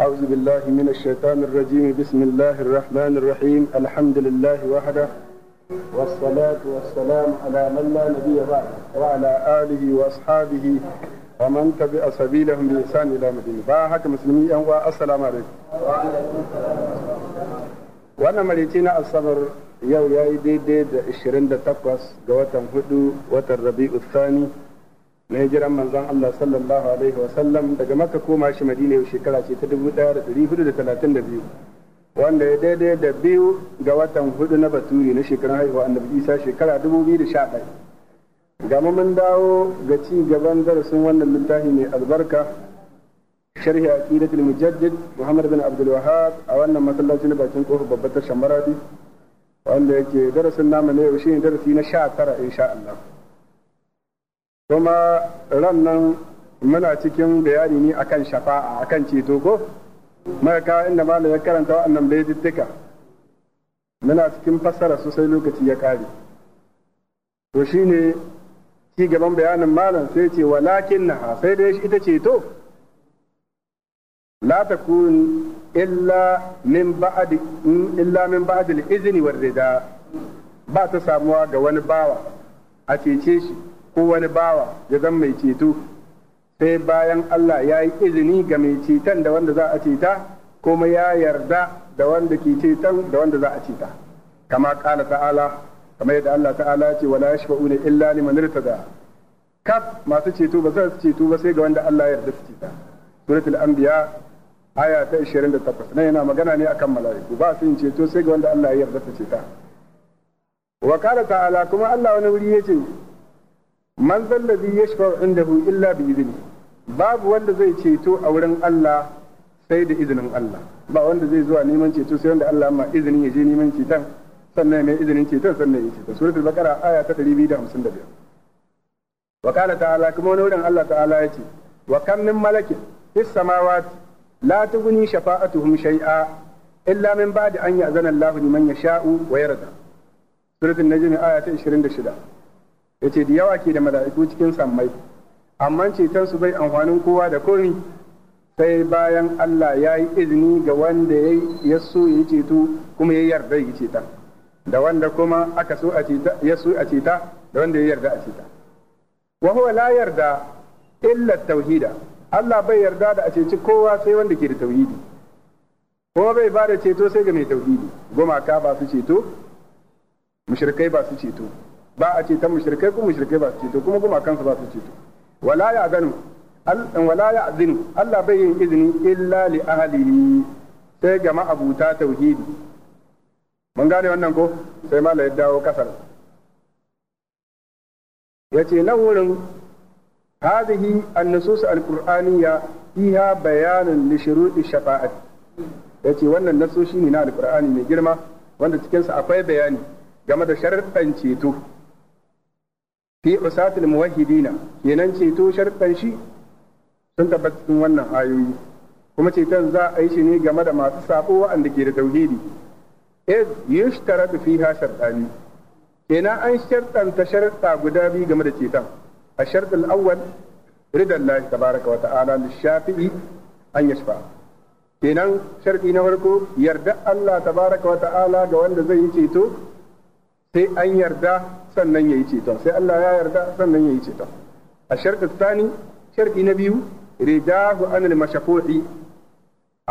أعوذ بالله من الشيطان الرجيم بسم الله الرحمن الرحيم الحمد لله وحده والصلاة والسلام على من لا نبي بعده وعلى آله وأصحابه ومن تبع سبيلهم بإحسان إلى مدينة باهك مسلمي أنواع السلام عليكم وانا مريتنا الصبر يو ياي دي دي 28 ga watan hudu watan rabi'u thani na hijiran manzon Allah sallallahu alaihi wa sallam daga Makka koma shi Madina shekara ce ta 1432 wanda ya daidai da biyu ga watan hudu na Baturi na shekarun haihuwa Annabi Isa shekara 2011 ga mun dawo ga ci gaban darasin wannan littafi mai albarka sharhi aqidatul mujaddid Muhammad bin Abdul Wahhab a wannan masallacin bakin kofar babbar tashar Maradi wanda yake darasin namu ne yau shine darasi na 19 insha Allah kuma ran nan muna cikin bayani ne akan shafa'a akan ceto ko muka inda malam ya karanta wa'annan baitittuka muna cikin fassara su sai lokaci ya kare to shine ci gaban bayanin malam sai ce walakin naha sai dai ita ceto la takun illa min ba'd illa min ba'd al-izni war ba ta samuwa ga wani bawa a cece shi ko wani bawa ya zan mai ceto sai bayan Allah ya yi izini ga mai ceton da wanda za a ceta kuma ya yarda da wanda ke ceton da wanda za a ceta kama kala ta'ala kama yadda Allah ta'ala ce wala ne illa liman irtada kaf masu ceto ba za su ceto ba sai ga wanda Allah ya yarda su ceta suratul anbiya aya ta 28 nan yana magana ne akan mala'iku ba su yin ceto sai ga wanda Allah ya yarda su ceta wa kala ta'ala kuma Allah wani wuri yace man zallazi inda hu illa bi izini babu wanda zai ceto a wurin Allah sai da izinin Allah ba wanda zai zuwa neman ceto sai wanda Allah ma izinin ya je neman ceton sannan mai izinin ceton sannan ya ceto suratul baqara aya ta 255 wa qala ta'ala kuma wani wurin Allah ta'ala yace wa kam min malakin fis samawati la tughni shafa'atuhum shay'a illa min ba'di an ya'zana Allahu liman yasha'u wa yarda suratul najm aya ta 26 yace da yawa ke da mala'iku cikin sammai amma ceton su bai amfanin kowa da komi sai bayan Allah ya yi izini ga wanda ya so ya ceto kuma ya yarda ya ceta da wanda kuma aka so ya so a ceta da wanda ya yarda a ceta wa huwa la yarda illa tauhida Allah bai yarda da a ceci kowa sai wanda ke da tauhidi kuma bai ba da ceto sai ga mai tauhidi gumaka ba su ceto mushrikai ba su ceto ba a ce ta mushrikai ko mushrikai ba su ceto kuma gumakansu ba su ceto wala ya ganu wala ya azinu Allah bai yin izini illa li ahlihi sai ga ma'abuta tauhidi mun gane wannan ko sai ma ya dawo kasar Ya ce na wurin hadhihi an-nusus al-qur'aniyya fiha bayanun li shuru'i shafa'at ce wannan nasoshi ne na al mai girma wanda cikinsa akwai bayani game da sharuɗan ceto fi usatil muwahhidina kenan ceto sharɗan shi sun tabbata cikin wannan ayoyi kuma ceton za a yi shi ne game da masu sabo wa'anda ke da tauhidi iz yushtaratu fiha shartani kenan an shartanta sharta guda biyu game da ceton a shartul awwal ridan lahi tabaraka wa ta'ala lishafi'i an yashfa kenan sharti na farko yarda Allah tabaraka wa ta'ala ga wanda zai yi ceto sai an yarda sannan ya yi ceton sai Allah ya yarda sannan ya yi ceton a sharɗin tsani sharɗi na biyu ridahu anil mashafu'i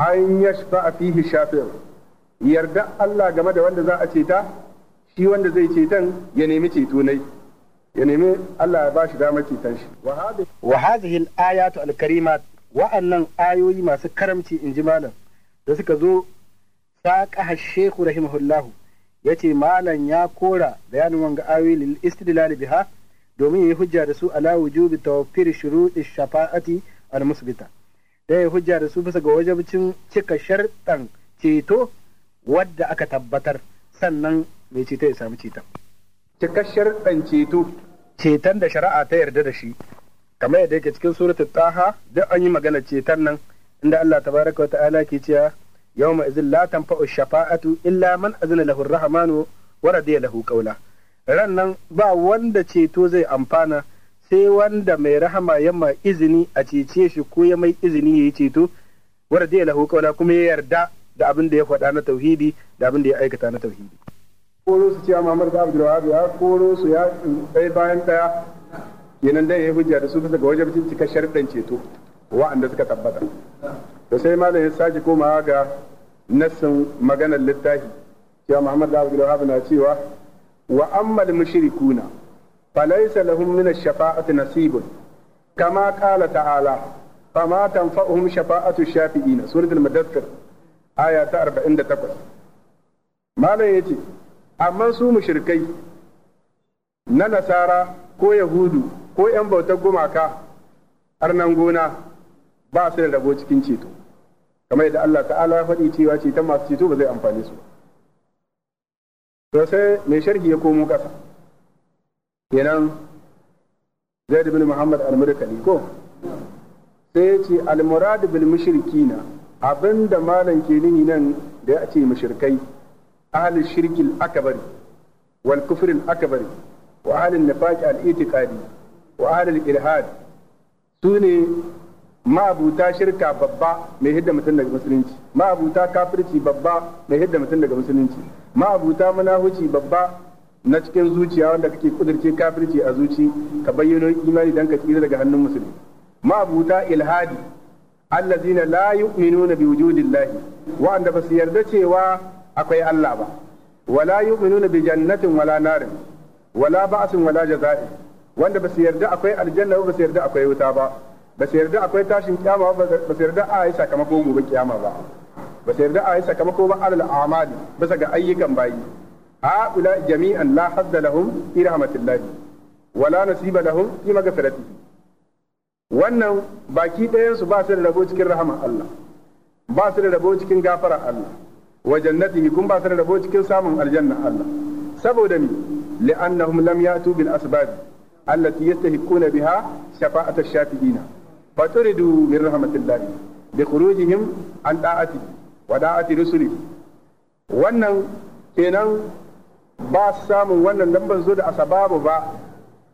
an yashfa fihi shafi'u yarda Allah game da wanda za a ceta shi wanda zai ceton ya nemi ceto nai ya nemi Allah ya bashi damar ceton shi wa hadhihi al-ayatu al-karimat wa'annan ayoyi masu karamci inji malam da suka zo saqa hashehu rahimahullahu ya ce malam ya kora bayanin wanga awi lil istidlal biha domin yi hujja da su ala wujubi tawfir shuruɗi shafa'ati al musbita da yayi hujja da su bisa ga wajibcin cika shartan ceto wadda aka tabbatar sannan mai ceto ya samu cita. cika shartan ceto ceton da shari'a ta yarda da shi kamar yadda yake cikin suratul taha duk an yi magana ceton nan inda Allah tabaraka wa ta'ala ke cewa yawma idhin la tanfa'u shafa'atu illa man azina lahu ar-rahmanu wa radiya lahu qawla rannan ba wanda ceto zai amfana sai wanda mai rahama ya ma izini a cece shi ko ya mai izini ya yi ceto wa radiya lahu qawla kuma ya yarda da abin da ya faɗa na tauhidi da abin da ya aikata na tauhidi koro su cewa Muhammad bin Abdul Wahhab ya koro su ya tsaye bayan ɗaya kenan dai ya yi hujja da su bisa ga wajen cika sharɗan ceto wa'anda suka tabbata to sai malam ya sake komawa ga nassin maganar littafi cewa Muhammad da Abdul Wahab na cewa wa ammal mushrikuna falaysa lahum min ash-shafa'ati nasibun kama qala ta'ala fama tanfa'uhum shafa'atu shafi'ina suratul mudaththir aya ta 48 malam yace amma su mushrikai na nasara ko yahudu ko yan bautar gumaka arnan gona ba su da rabo cikin ceto kamar yadda Allah ta'ala ya faɗi cewa ceton masu ceto ba zai amfani su to sai mai sharhi ya komo ƙasa kenan Zaid bin Muhammad al-Murkali ko sai ya ce al-murad bil mushrikina abinda malam ke nihi nan da ya ce mushrikai ahli shirkil akbar wal al akbari wa ahli nifaq al-itiqadi wa ahli al-ilhad sune ma'abuta shirka babba mai hidda mutum daga musulunci ma'abuta kafirci babba mai hidda mutum daga musulunci ma'abuta munahuci babba na cikin zuciya wanda kake kudirce kafirci a zuci ka bayyano imani dan ka tsira daga hannun musulmi ma'abuta ilhadi allazina la yu'minuna bi wujudillahi wa'anda ba su yarda cewa akwai Allah ba wala yu'minuna bi jannatin wala narin wala ba'sin wala jaza'in wanda ba su yarda akwai aljanna ba su yarda akwai wuta ba ba su yarda akwai tashin kyama ba su yarda a yi sakamako gobe kiyama ba ba su yarda a yi sakamako ba alal amali bisa ga ayyukan bayi a ula jami'an la hadda lahum fi rahmatillah wala nasiba lahum fi maghfirati wannan baki ɗayan su ba su da rabo cikin rahama Allah ba su da rabo cikin gafara Allah wa jannatihi kun ba su da rabo cikin samun aljanna Allah saboda mi li'annahum lam yatu bil asbab allati yastahiquna biha shafa'at ash-shafi'ina faturidu min rahmatillahi bi khurujihim an da'ati wa da'ati rusuli wannan kenan ba su samun wannan dan ban zo da asababu ba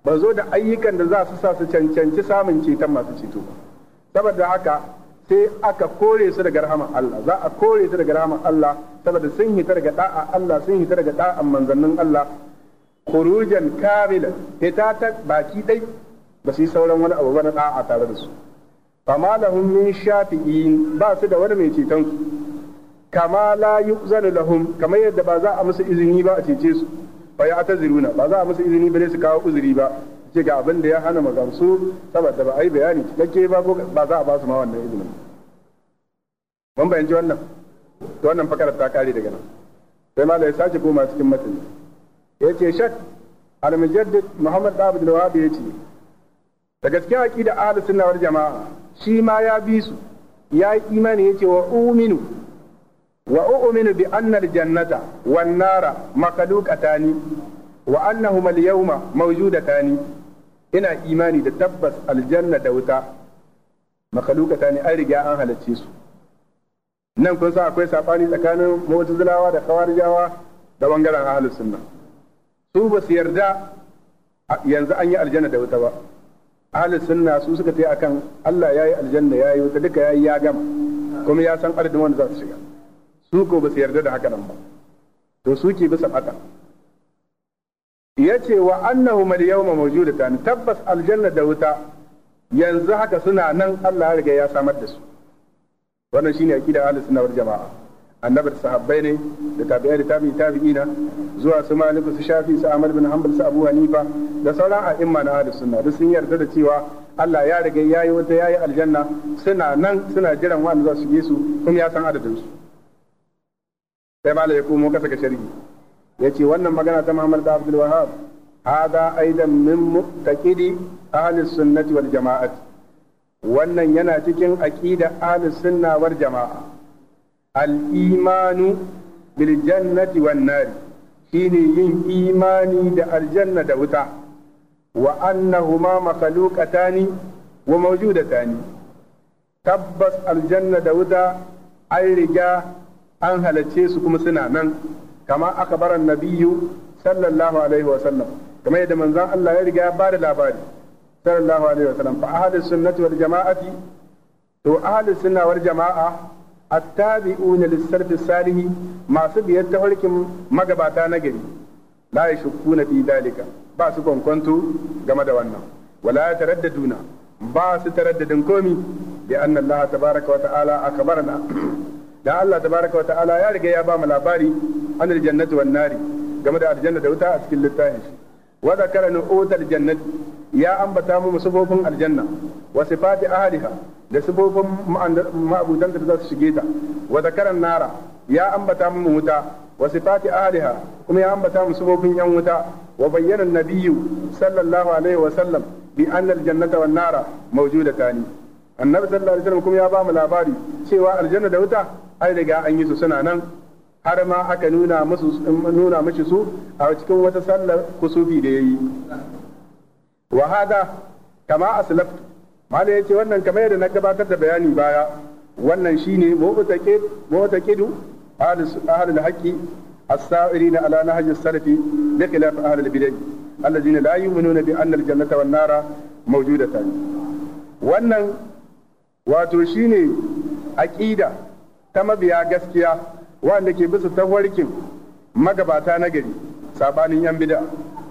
ba zo da ayyukan da za su sa su cancanci samun ceton masu ceto saboda haka sai aka kore su daga rahaman Allah za a kore su daga rahaman Allah saboda sun hita daga da'a Allah sun hita daga da'an manzannin Allah khurujan kamila hita ta baki dai ba su yi sauran wani abu ba na da'a tare da su fama lahum min shafi'in ba su da wani mai ceton su Kamala la yu'zanu lahum kamar yadda ba za a musu izini ba a cece su fa ya taziruna ba za a musu izini ba su kawo uzuri ba ce ga abin da ya hana magamsu saboda ba a yi bayani cikakke ba ba za a ba su ma wannan izinin mun bayanci wannan to wannan fakarar ta kare daga nan sai ma ya sace koma cikin matan ya ce shak al-mujaddid muhammad abdul wahab ya ce da gaskiya aqida ahlus sunna wal jama'a shi ma ya bi su ya yi imani ce wa uminu wa uminu bi anna jannata wan nara ni wa annahuma al-yawma ni ina imani da tabbas aljanna da wuta ni an riga an halacce su nan kun sa akwai sabani tsakanin mu'tazilawa da khawarijawa da bangaren ahlus sunna su ba su yarda yanzu an yi aljanna da wuta ba ahli sunna su suka tayi akan Allah yayi aljanna yayi wata duka yayi ya gama kuma ya san adadin wanda za su shiga su ko ba su yarda da haka nan ba to su ke bisa fata yace wa annahum al-yawma mawjudatan tabbas aljanna da wuta yanzu haka suna nan Allah ya riga ya samar da su wannan shine aqida ahli sunna wal jama'a annabar sahabbai ne da tabi'ai da tabi'i tabi'ina zuwa su malik su shafi su ahmad bin hanbal su abu hanifa da sauran a'imma na ahlus sunna duk sun yarda da cewa Allah ya riga yayi wata yayi aljanna suna nan suna jiran wanda za su je su kuma ya san adadin su sai malai ya komo kasa ga sharhi yace wannan magana ta Muhammad da Abdul Wahhab hada aidan min muqtaqidi ahlus sunnati wal jama'ati wannan yana cikin aqida ahlus sunna wal jama'a Al'imanu biljannati bil jannati wan nari shine yin imani da aljanna da wuta wa annahuma makhluqatani wa mawjudatani tabbas aljanna da wuta an riga an halarce su kuma suna nan kama aka bar nabiyyu sallallahu alaihi wa sallam kama yadda manzon Allah ya riga ya bada labari sallallahu alaihi wa sallam fa ahli sunnati wal jama'ati to ahli sunna wal jama'a attabi'una lissalfi salihi masu biyar tafarkin magabata na gari la yashkuna fi dalika ba su kwankwanto game da wannan wala taraddaduna ba su taraddadin komi bi anna Allah tabaraka wa ta'ala akbarna da Allah tabaraka wa ta'ala ya riga ya ba mu labari anil jannati wan nari game da aljanna da wuta a cikin littafin shi wa zakara nu'utal jannati ya ambata mu sifofin aljanna wa sifati ahliha da sifofin ma'abudanta da za su shige ta wa zakaran nara ya ambata mu wuta wa sifati ahliha kuma ya ambata mu sifofin yan wuta wa bayyana nabiyyu sallallahu alaihi wa sallam bi anna aljannata wan nara mawjudatani annabi sallallahu alaihi wasallam kuma ya ba mu labari cewa aljanna da wuta ai daga an yi su suna nan har ma aka nuna musu nuna mishi su a cikin wata sallar kusufi da yayi wa hada kama aslaftu malai yace wannan kamar yadda na gabatar da bayani baya wannan shine mu'taqid mu'taqidu ahlul haqqi السائرين على نهج السلف بخلاف أهل البدع الذين لا يؤمنون بأن الجنة والنار موجودتان wannan wato shine aƙida ta mabiya gaskiya wanda ke bisa tafarkin magabata na gari sabanin yan bida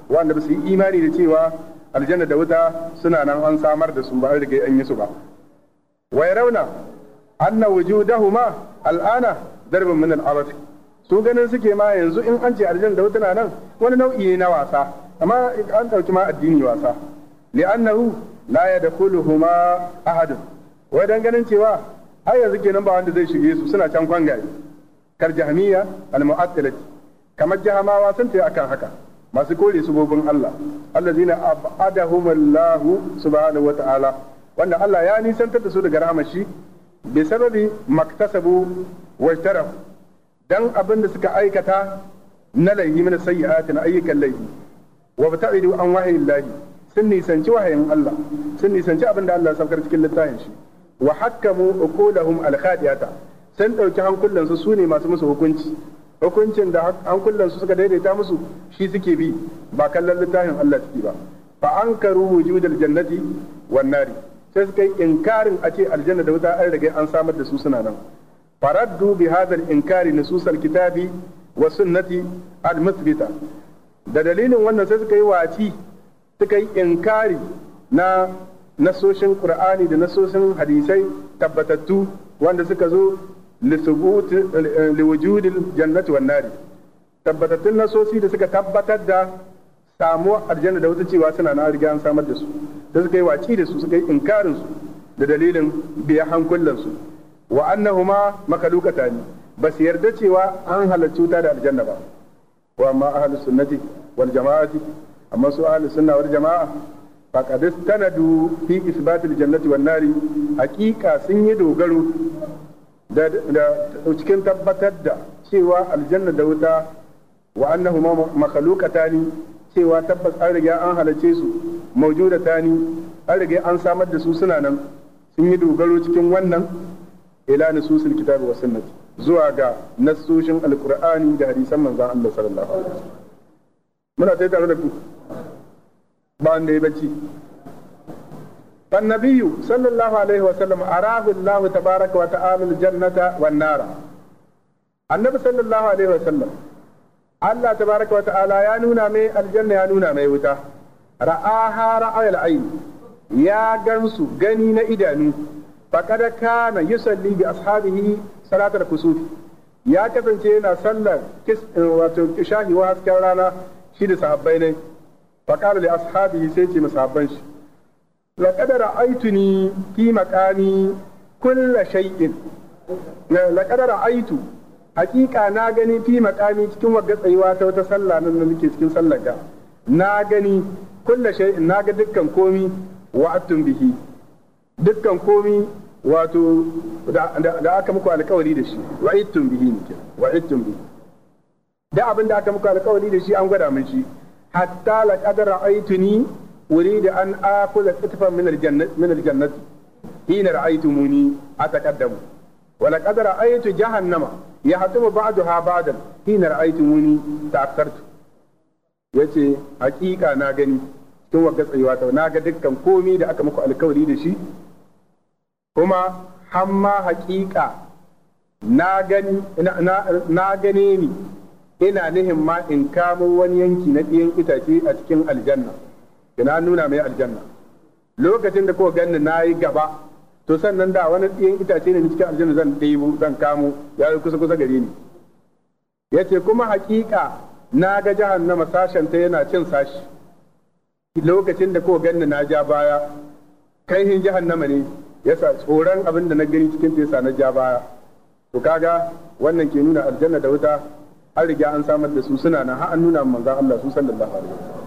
wanda ba su yi imani da cewa aljanna da wuta suna nan an samar da su ba an rige an yi su ba wa rauna anna wujudahuma al'ana darbin min al'abati su ganin suke ma yanzu in an ce aljanna da wuta na nan wani nau'i ne na wasa amma an dauki ma addini wasa li'annahu la yadkhuluhuma ahad wai dan ganin cewa har yanzu kenan ba wanda zai shige su suna can kwangaye kar jahmiya al-mu'attilati kamar jahamawa sun tayi akan haka masu kore subobin Allah Allah allazina abadahumullahu subhanahu wata'ala wanda Allah ya nisantar da su daga rahmar shi bi sababi maktasabu wajtaraf dan abin da suka aikata na laihi min sayyi'atin ayyukan laihi wa bata'idu an wahayillahi sun nisanci wahayin Allah sun nisanci abin da Allah saukar cikin littafin shi wa hakkamu uqulahum alkhadiyata sun dauki hankulansu su ne masu musu hukunci hukuncin da an kullum su suka daidaita musu shi suke bi ba kallon littafin Allah suke ba fa karu wujudal jannati wan nari sai suka yi inkarin a ce aljanna da wuta an riga an samar da su suna nan faraddu bi hadal inkari nususal kitabi wa sunnati al musbita da dalilin wannan sai suka yi waci suka yi inkari na nasoshin qur'ani da nasoshin hadisai tabbatattu wanda suka zo liwujudin jannati wan nari tabbatattun nasosi da suka tabbatar da samuwa aljanna da wata cewa suna na rigan samar da su da suka yi waci da su suka yi inkarin su da dalilin biya hankulan su wa annahuma makalukata ne ba su yarda cewa an halarci wuta da aljanna ba wa amma ahlus sunnati wal jama'ati amma su ahlus sunna wal jama'a faqad istanadu fi isbatil jannati wan nari sun yi dogaro da cikin tabbatar da cewa aljanna da wuta wa makhluqata ni cewa tabbas an riga an halace su maujudatani an riga an samar da su suna nan sun yi dogaro cikin wannan ila nususul kitabi wa sunnati zuwa ga nasoshin alqur'ani da hadisan manzon Allah sallallahu alaihi wasallam muna tare da ku ba ne bacci فالنبي صلى الله عليه وسلم أراه الله تبارك وتعالى الجنة والنار النبي صلى الله عليه وسلم الله تبارك وتعالى يا نونا مي الجنة يا نونا مي وتا رآها رأي العين يا جنس جنين إدانو فقد كان يصلي بأصحابه صلاة الكسوف يا كفن تينا صلى كس وتشاهي واسكرانا شيد صحابينه فقال لأصحابه سيتي مصحابنش لقد رأيتني في مكاني كل شيء لقد رأيت na gani fi makami cikin wagga tsayuwa ta wata sallah nan da cikin sallar ga na gani kulla shay'in na ga dukkan komi wa bihi dukkan komi wato da aka muku alkawari da shi wa ittun bihi da abin da aka muku alkawari da shi an gwada shi hatta laqad أريد أن آكل قطفا من الجنة من الجنة حين رأيتموني أتقدم ولقد رأيت جهنم يهتم بعضها بعضا حين رأيتموني تأخرت yace hakika na gani cikin wagga tsayuwa ta na ga dukkan komi da aka muku alkawari da shi kuma hamma hakika na gani na gane ni ina nihin ma in kamo wani yanki na ɗiyan itace a cikin aljanna ina nuna mai aljanna lokacin da ko ganni na yi gaba to sannan da wani ɗiyan itace ne cikin aljanna zan ɗebo zan kamo ya yi kusa kusa gare ni yace kuma hakika na ga jahannama sashen ta yana cin sashi lokacin da ko ganni na ja baya kaihin jahannama ne yasa tsoron abin da na gani cikin fesa na ja baya to kaga wannan ke nuna aljanna da wuta an riga an samar da su suna na har an nuna manzon Allah su sallallahu alaihi wasallam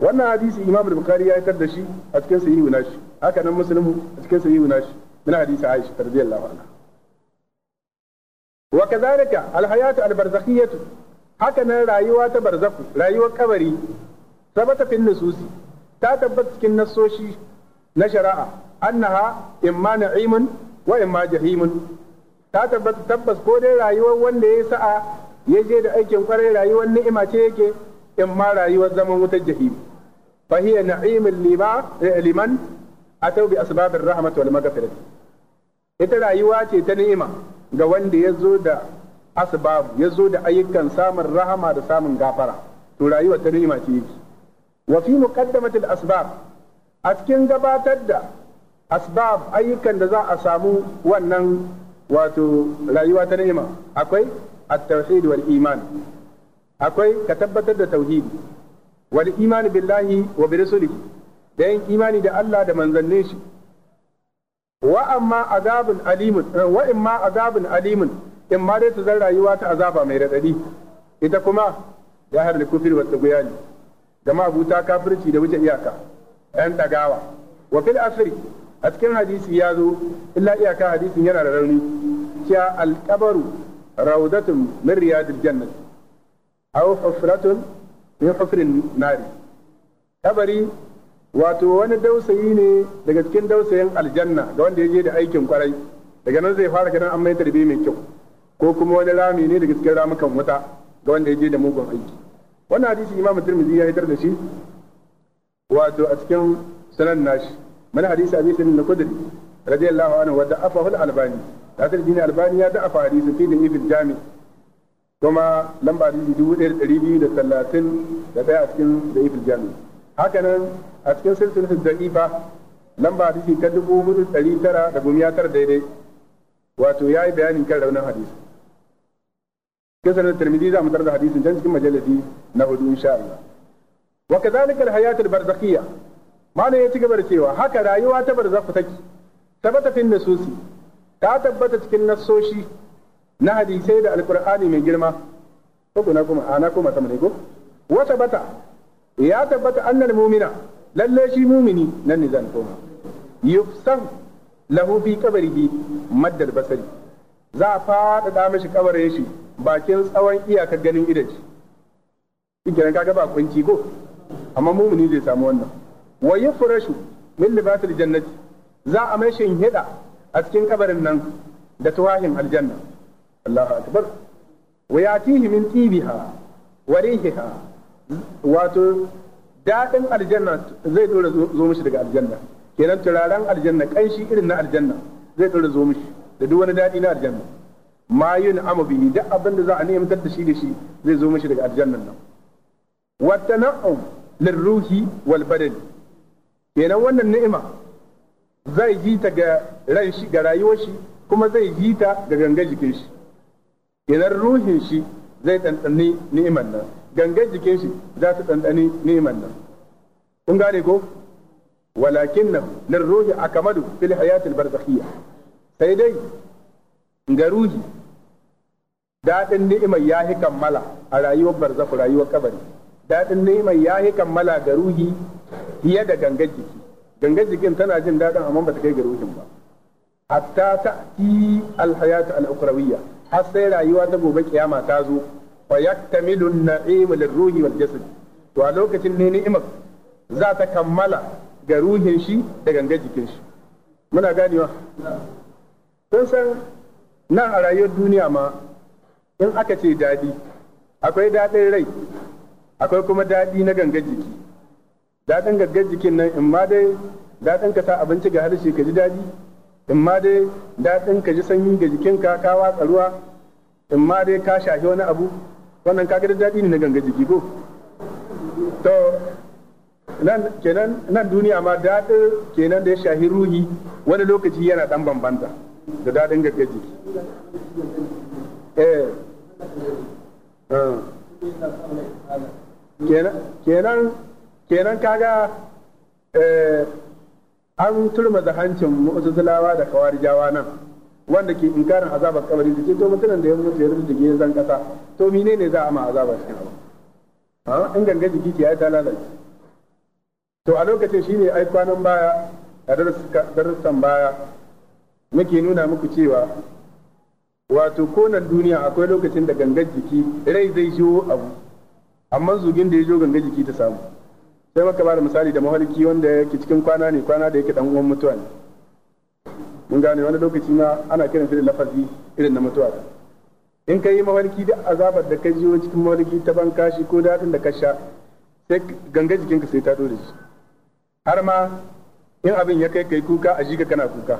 wannan hadisi imam al-bukhari ya fitar da shi a cikin sahihu nashi haka nan muslimu a cikin sahihu nashi min hadisi aisha radiyallahu anha wa kadhalika al-hayatu al haka nan rayuwa ta barzaku rayuwar kabari sabata fil nususi ta tabbata cikin nasoshi na shari'a annaha imma na'imun wa imma jahimun ta tabbata tabbas ko dai rayuwar wanda ya sa'a ya je da aikin kwarai rayuwar ni'ima ce yake in ma rayuwar zaman wutar jahim fa hiya na'imul lima eh, liman atau bi asbabir rahmat wal maghfirah ita rayuwa ce ta ni'ima ga wanda ya zo da asbab ya zo da ayyukan samun rahama da samun gafara to rayuwa ta ni'ima ce wa fi muqaddamatil asbab a cikin gabatar da asbab ayyukan da za a samu wannan wato rayuwa ta ni'ima akwai at-tauhid wal iman akwai ka tabbatar da tauhidi wal imani billahi wa bi rasulihi da imani da Allah da manzannin shi wa amma azabun alimun eh, wa amma azabun alim in ma dai zan rayuwa ta azaba mai radadi ita kuma ya har kufir wa tsuguyani jama'a buta kafirci da wuce iyaka 'yan dagawa wa fil asri a cikin hadisi ya zo illa iyaka hadisin yana da rauni cewa alƙabaru rawdatun min riyadil jannati aw hufratun min hufrin nari kabari wato wani dausayi ne daga cikin dausayin aljanna ga wanda ya je da aikin kwarai daga nan zai fara kiran an mai tarbi mai kyau ko kuma wani rami ne daga cikin ramukan wuta ga wanda ya je da mugun aiki wannan hadisi ya da shi wato a cikin sanan nashi من حديث أبي سعيد الخدري رضي الله عنه ودعفه الألباني هذا الدين الألباني يدعف حديث في الجامع kuma lamba hadisi dubu ɗaya da ɗari biyu da talatin da ɗaya a cikin da'ifin jami'i. hakanan a cikin silsilar da'ifa lamba hadisi ta dubu hudu ɗari tara da gumi ya tara daidai wato ya yi bayanin kan raunin hadisi cikin kisan tirmidhi za mu tarda hadisin can cikin majalisi na hudu insha Allah wa kadhalika al-hayat al-barzakhiyya malai ya ci gaba da cewa haka rayuwa ta barzakhu take tabata fin nasusi ta tabbata cikin nasoshi. na hadisai da alkur'ani mai girma ko na kuma ana kuma sama ne ko Wata tabbata ya tabbata annal mu'mina lalle shi mu'mini nan ne zan koma yufsan lahu fi qabrihi maddal basari za a faɗaɗa mishi kabarin shi bakin tsawon iyakar ganin idan shi kiran kaga ba kunci ko amma mu'mini zai samu wannan wa yufrashu min libasil jannati za a mai shin hida a cikin kabarin nan da tuwahin aljanna Allahu akbar wa tibiha wa wato daɗin aljanna zai dora zo daga aljanna kenan turaren aljanna kanshi irin na aljanna zai dora zo da duk daɗi na aljanna ma yun amu bihi duk za a ni'imtar da shi zai daga aljannan nan wa tana'um kenan wannan ni'ima zai ji ga ran shi ga rayuwar shi kuma zai ji ta ga gangan jikin shi idan ruhin shi zai ɗanɗani ni'imar nan gangan jikin shi za su ɗanɗani ni'imar nan kun gane ko walakin nan lir ruhi akamadu fil hayatil barzakhiyya sai dai ga ruhi daɗin ni'imar ya yi kammala a rayuwar barzakhu rayuwar kabari daɗin ni'imar ya yi kammala ga ruhi fiye da gangan jiki gangan jikin tana jin daɗin amma ba ta kai ga ruhin ba hatta ta al hayatu al ukrawiyya har sai rayuwa ta gobe kiyama ta zo fa yaktamilu an-na'im lir-ruhi wal jasad to a lokacin ne ni'imar za ta kammala ga ruhin shi da gangan jikin shi muna ganewa kun san nan a rayuwar duniya ma in aka ce daɗi akwai daɗin rai akwai kuma daɗi na gangan jiki daɗin gangan jikin nan in ma dai daɗin ka sa abinci ga harshe ka ji daɗi in ma dai daɗin ka ji sanyi ga jikinka ka watsa ruwa in ma dai ka shafi wani abu wannan ka da daɗi ne na ganga jiki ko to nan kenan nan duniya ma daɗin kenan da ya shahi ruhi wani lokaci yana ɗan bambanta da daɗin ganga jiki eh. eh kenan kenan kaga eh an da hancin mu'tazilawa da kawarijawa nan wanda ke inkarin azabar kabari da ce to mutumin da ya mutu ya rubuta gidan zan kasa to mine za a ma azaba shi abu a in ganga jiki ke ai lalace to a lokacin shine ai kwanan baya a darussan baya muke nuna muku cewa wato konan duniya akwai lokacin da gangan jiki rai zai shiwo abu amma zugin da ya jo gangan jiki ta samu sai maka ba da misali da mahalki wanda yake cikin kwana ne kwana da yake dan uwan mutuwa ne mun gane wani lokaci ma ana kiran shi da lafazi irin na mutuwa in ka yi mahalki da azabar da ka jiyo cikin mahalki ta ban kashi ko daɗin da ka sha sai ganga jikinka sai ta dole shi har ma in abin ya kai kai kuka a jika kana kuka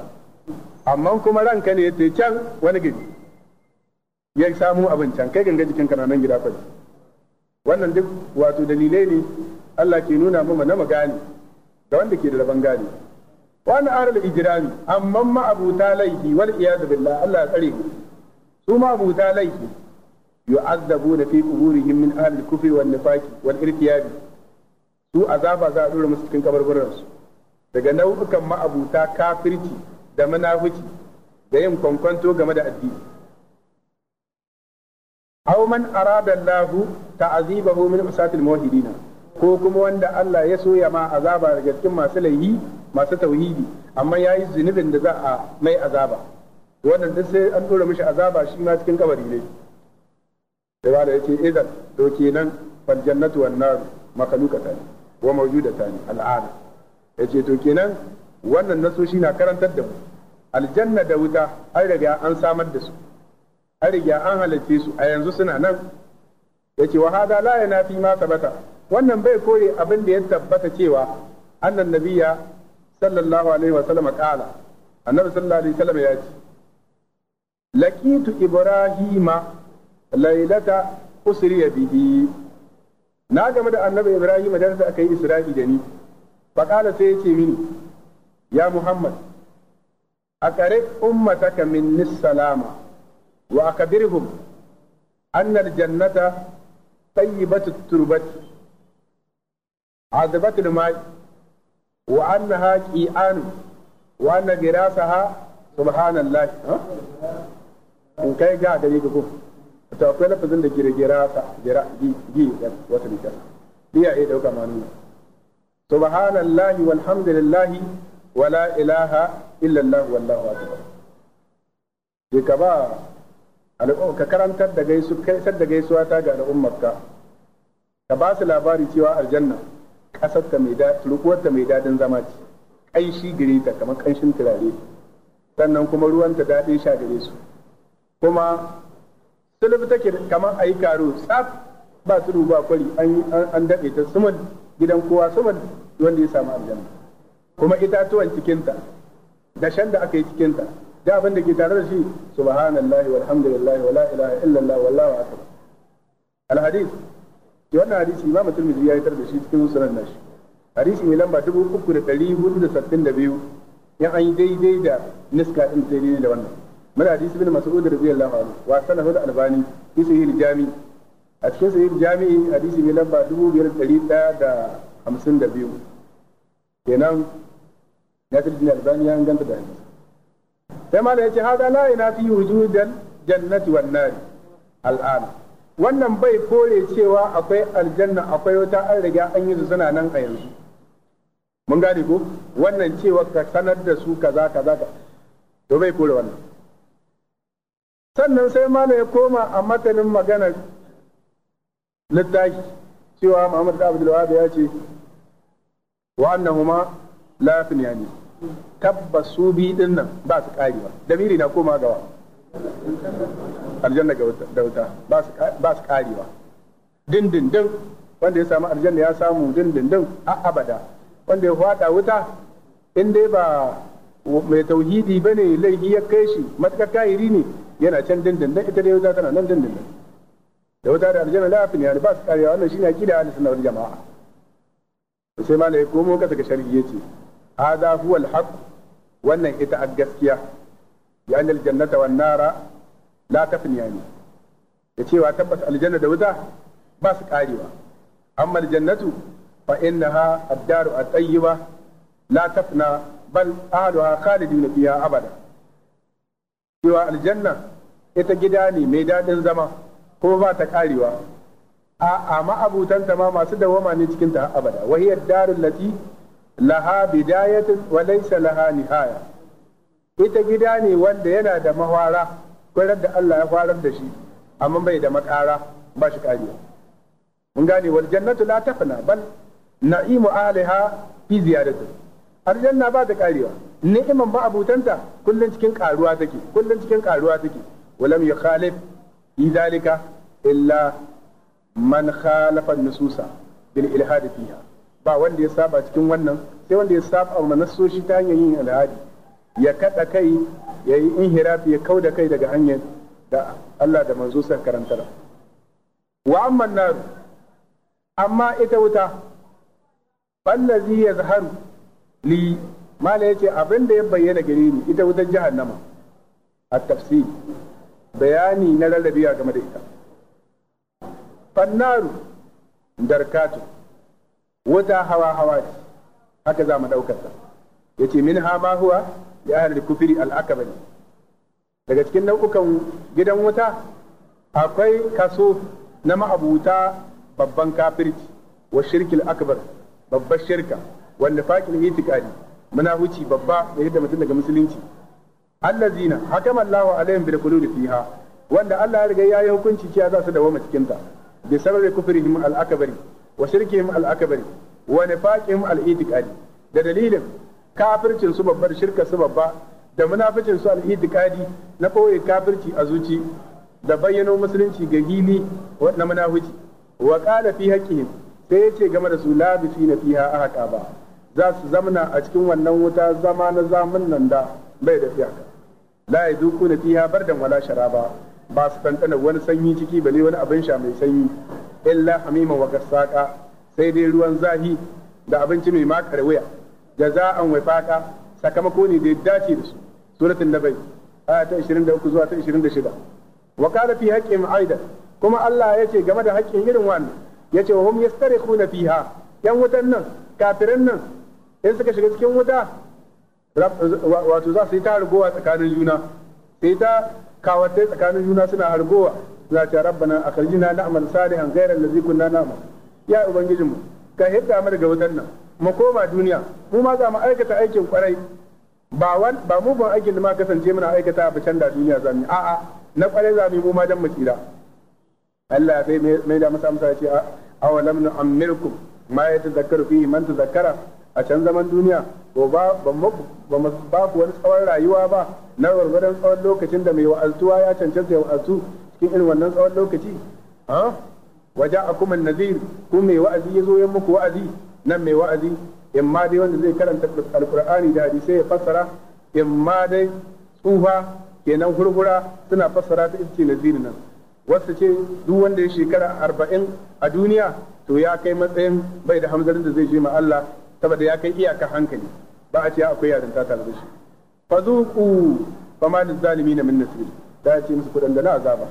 amma kuma ranka ne ta can wani gari ya samu abin can kai ganga jikinka na nan gida kwai wannan duk wato dalilai ne Allah ke nuna mu na magani ga wanda ke da rabon gani wani aral ijrami amma ma abuta laifi wal iyad billah Allah ya tsare su ma abuta laifi yu'adabu na fi quburihim min ahli kufri wan nifaqi wal irtiyabi su azaba za a dora musu cikin kabarburan su daga nau'ukan ma'abuta kafirci da munafici da yin kwankwanto game da addini aw man arada Allah ta'azibahu min usatil muwahhidina ko kuma wanda Allah ya soya ma azaba daga cikin masu laihi masu tauhidi amma ya yi zunubin da za a mai azaba wannan duk sai an dora mishi azaba shi ma cikin kabari ne da ba da yake idan to kenan fal jannatu wan nar makalukatan wa ne, al'ada. yace to kenan wannan nasoshi na karantar da mu aljanna da wuta an riga an samar da su an riga an halalce su a yanzu suna nan yace wa hada la yanafi ma tabata wannan bai kore abin da ya tabbata cewa annan nabiya sallallahu alaihi wa sallam qala annabi sallallahu alaihi wa sallam ya ce laqitu ibrahima lailata usri bihi na game da annabi ibrahima da aka yi isra'i da ni fa qala sai ya ce mini ya muhammad akare ummataka min salama wa akbirhum anna al-jannata tayyibatu turbati عذبت الماء وأنها كيان وأن دراسها سبحان الله ها؟ in kai ga gari ga kuma ta akwai lafazin da girgira ta gira gi gi wata ne kana iya iya dauka manu walhamdulillahi wala ilaha illa allah wallahu ka ba ka karantar da gaisuwa ta ga al'ummarka ka labari cewa aljanna kasar ta mai da turkuwar ta mai dadin zama ce kanshi gire ta kamar kanshin turare sannan kuma ruwan ta dadi sha gare su kuma sulub take kamar ayi karo tsaf ba tudu ba kwari an daɗe ta sumul gidan kowa sumul wanda ya samu aljanna kuma itatuwan cikinta da shan da aka yi cikinta da abin da ke tare da shi subhanallahi walhamdulillahi wala ilaha illallah wallahu akbar al hadith wannan hadisi imamu tirmidhi ya yitar da shi cikin sunan nashi hadisi mai lamba biyu ya an yi daidai da niska din sai daidai da wannan mala hadisi bin mas'ud radiyallahu anhu wa sanahu al-albani fi sahih jami a cikin sahih jami hadisi mai lamba dubu biyar da da da hamsin biyu kenan ya tirjin albani ya ganta da hadisi sai mala yace hada la ina fi wujudan jannati wan nari al'ana wannan bai kore cewa akwai aljanna akwai wata an riga an yi suna nan a yanzu mun gane ko wannan cewa ka sanar da su kaza kaza ka to bai kore wannan sannan sai malam ya koma a matanin magana. littafi cewa Muhammad Abdul Wahab ya ce wa annahuma la yafniyani tabbas su bi dinnan ba su karewa damiri na koma gawa aljanna da wuta ba su karewa dindindin wanda ya samu aljanna ya samu dindindin a abada wanda ya fada wuta in dai ba mai tauhidi ba ne laifi ya kai shi matakar kayiri ne yana can dindindin ita dai wuta tana nan dindindin da wuta da aljanna lafin ya ba su karewa wannan shi shine akida ahli sunna wal jama'a sai malai komo ka saka ya ce hadha huwa al-haq wannan ita a gaskiya ya annal jannata wan nara la tafniyani da cewa tabbas aljanna da wuta ba su karewa amma aljannatu fa innaha ad-daru at-tayyiba la tafna bal ahluha khalidun fiha abada cewa aljanna ita gida ne mai daɗin zama ko ba ta karewa a ma'abutanta ma masu dawama ne cikin ta abada wahiyar darul lati laha bidayatun wa laysa laha nihaya ita gida ne wanda yana da mahwara kwarar da Allah ya farar da shi amma bai da makara ba shi kariya mun gane wal jannatu la tafna bal na'imu alaiha fi ziyadati aljanna ba ta karewa ni'iman ba abutanta kullun cikin karuwa take kullun cikin karuwa take walam yakhalif idhalika illa man khalafa nususa bil ilhad fiha ba wanda ya saba cikin wannan sai wanda ya saba nasoshi ta hanyar yin ilhadi ya kaɗa kai ya yi inhirafi ya kau da kai daga hanyar da Allah da manzo san karantar wa amman nar amma ita wuta ya zahar li mala yace abin da ya bayyana gare ni ita wutar jahannama a tafsir bayani na rarrabiya game da ita fannaru darkatu wuta hawa hawa haka za mu ɗaukarsa yace min ha ma huwa ya ahlul kufri al akbari daga cikin nau'ukan gidan wuta akwai kaso na ma'abuta babban kafirci wa shirkil akbar babbar shirka wanda faƙin itikadi munafuci babba ya yadda mutum daga musulunci Allah allazina hakama Allahu alaihim bil qulud fiha wanda Allah ya riga ya yi hukunci cewa za su dawoma cikin ta bi sababi kufrihim al akbari wa shirkihim al akbari wa nifaqihim al itiqadi da dalilin kafircin su babbar shirka su babba da munaficin su al na ɓoye kafirci a zuci da bayyano musulunci ga gili na munafuci wa qala fi haqqihim sai yace game da su labisi na fiha ahqa ba za su zamna a cikin wannan wuta zama na zamun nan da bai da fiya la yaduku na fiha bardan wala sharaba ba su tantana wani sanyi ciki bale wani abin sha mai sanyi illa hamima wa gassaka sai dai ruwan zahi da abinci mai makare wuya jaza'an wa fata sakamako ne da ya dace da su suratul nabai aya ta 23 zuwa ta 26 wa qala fi haqqihim aidan kuma Allah ya ce game da haƙƙin irin wannan ya ce wa hum yastarikhuna fiha yan wutan nan kafiran nan in suka shiga cikin wuta wato za su yi ta hargowa tsakanin juna sai ta kawatai tsakanin juna suna hargowa za ta rabbana akhrijna na'mal salihan ghayra allazi kunna na'mal ya ubangijinmu ka hidda mu daga wutan nan mu koma duniya mu ma za mu aikata aikin kwarai ba wan ba mu ban aikin da ma kasance muna aikata a bacan da duniya zamu a'a na kwarai zamu mu ma dan mu tsira Allah sai mai da masa amsa ce a wa nu amirkum ma yatazakkaru fihi man tazakkara a can zaman duniya ko ba ba mu ba ku wani tsawon rayuwa ba na gwargwadon tsawon lokacin da mai wa'altuwa ya cancanta ya wa'altu cikin irin wannan tsawon lokaci ha waja'akum an nazir ku mai wa'azi ya zo ya muku wa'azi nan mai wa'azi yamma dai wanda zai karanta alkur'ani da hadisai ya fassara yamma dai tsufa kenan hurhura suna fassara ta ibci na nan wasu ce duk wanda ya shekara arba'in a duniya to ya kai matsayin bai da hamzarin da zai je ma Allah saboda ya kai iyaka hankali ba a ce akwai yarinta tare da shi fama da zalimi na min nasiri da ce musu kudan da na azaba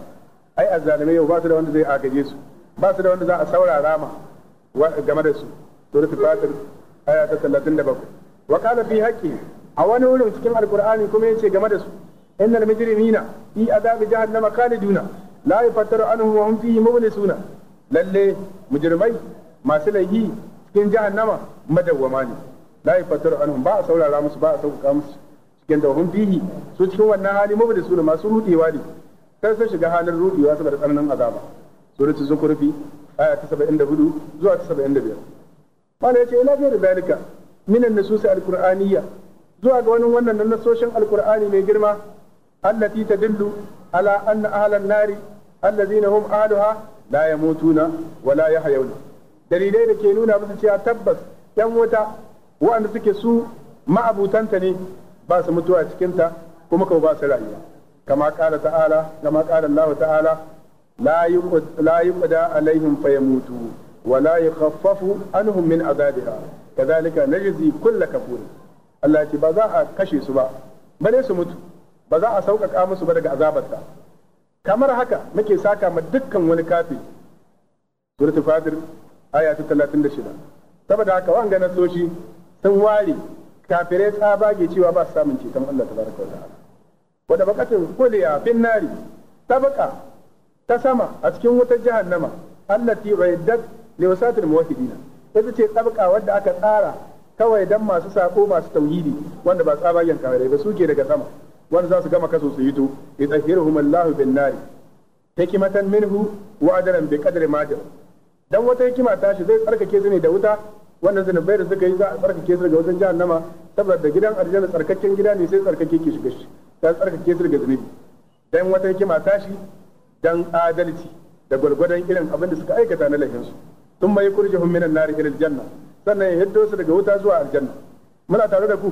ai azalimai yau ba su da wanda zai agaje su ba su da wanda za a saurara ma game da su suratul fatir aya ta 37 wa kana fi haqqi a wani wurin cikin alqur'ani kuma yace game da su innal mujrimina fi azab jahannama khaliduna la yufattaru anhum wa hum fihi mublisuna lalle mujrimai masu laifi cikin jahannama madawwama ne la yufattaru anhum ba a saurara musu ba a sauka musu cikin da hum fihi su cikin wannan hali mublisuna masu rudewa ne shiga halin rudewa saboda tsananin azaba suratul zukhrufi 74 zuwa ta 75 wanda ya ce ina da dalika minan nusus alkur'aniyya zuwa ga wani wannan nasoshin alkur'ani mai girma allati dillu ala anna ahlan nari allazina hum ahluha la yamutuna wa la yahyawna dalilai da ke nuna musu cewa tabbas yan wuta waɗanda suke su ma'abutanta ne ba su mutuwa a cikinta kuma kuma ba su rayuwa kama kala ta'ala kama kala Allah ta'ala la yuqda alaihim fayamutu wala yukhaffafu anhum min azabiha kadhalika najzi kull kafur Allah ce ba za a kashe su ba bare su mutu ba za a sauƙaƙa musu ba daga azabarta kamar haka muke saka ma dukkan wani kafi suratul fatir aya ta 36 saboda haka wanga nasoshi sun ware kafirai tsabage cewa ba su samun ceton Allah tabaraka wa ta'ala wadda bakatun kuliya fin nari tabaka ta sama a cikin wutar jahannama allati ghaidat liwasatul muwahidina ita ce tsabka wadda aka tsara kawai dan masu sako masu tauhidi wanda ba tsabagen kawai ba suke daga sama wanda za su gama kaso su yito yutahhiruhum Allahu bin nari hikimatan minhu wa adalan bi qadri ma dan wata hikima ta shi zai tsarkake su ne da wuta wanda zunubai da suka yi za a tsarkake su daga wajen jahannama saboda gidan aljanna tsarkaken gida ne sai tsarkake ke shiga shi ta tsarkake su daga zunubi dan wata hikima ta dan adalci da gwargwadon irin abin da suka aikata na laifinsu kurje hun minan nari ilil janna sannan ya hito su daga wuta zuwa aljanna muna tare da ku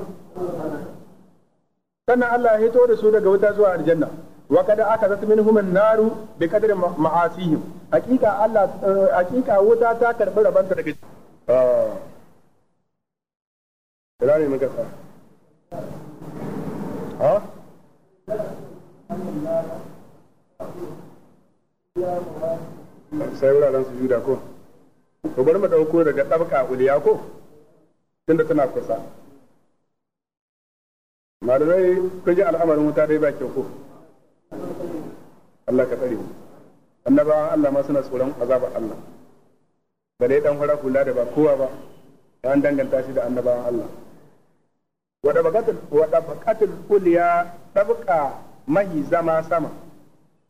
sannan Allah ya hito da su daga wuta zuwa aljanna wa aka zata min humin naru bi kadarin ma'asihim hakika Allah eh, hakika wuta ta karbi rabanta daga ah ila ne muka sa ha sai wuraren su juda ko to bari mu dauko daga tabka uliya ko tunda tana kusa malamai kun ji al'amarin wuta dai bakin kyau ko Allah ka tsare mu annabawan Allah ma suna tsoron azabar Allah Ba dai dan fara kula da ba kowa ba an danganta shi da annaba Allah wada bakatul wada bakatul uliya tabqa mahi zama sama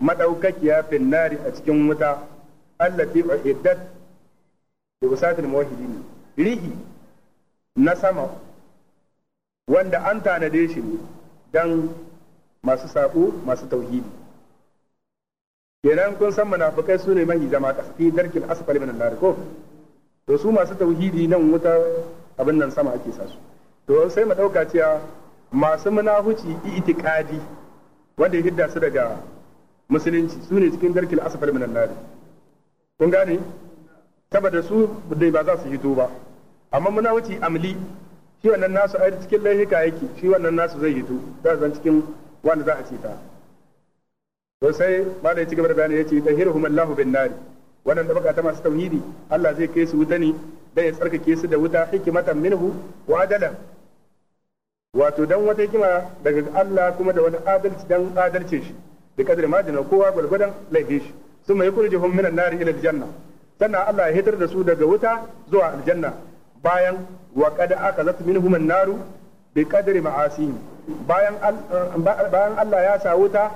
madaukakiya finnari a cikin wuta allati uhiddat da wasatul muwahhidin rihi na sama wanda an tanade shi ne dan masu sako masu tauhidi kenan kun san munafikai su ne mahi zama fi darkin asfali minan nar ko to su masu tauhidi nan wuta abin nan sama ake sasu su to sai mu dauka cewa masu munafuci itikadi wanda ya hidda su daga musulunci su ne cikin darkin asfali minan nar kun gane da su dai ba za su hito ba amma muna wuce amli shi wannan nasu a cikin laifuka yake shi wannan nasu zai hito za zan cikin wanda za a ce ta to sai malai ya ci gaba da bayani yace tahiruhum Allahu bin nari wannan da ta masu tauhidi Allah zai kai su wuta ne dan ya tsarkake su da wuta matan minhu wa adala. wato dan wata hikima daga Allah kuma da wani adalci dan adalce shi da kadar majina kowa gwargwadon laifin shi sun mai kurjihum minan nari ila janna Tana Allah ya hitar da su daga wuta zuwa aljanna bayan wa qad akalat minhum an-naru bi qadri ma'asihim bayan eh, bayan Allah ya sa wuta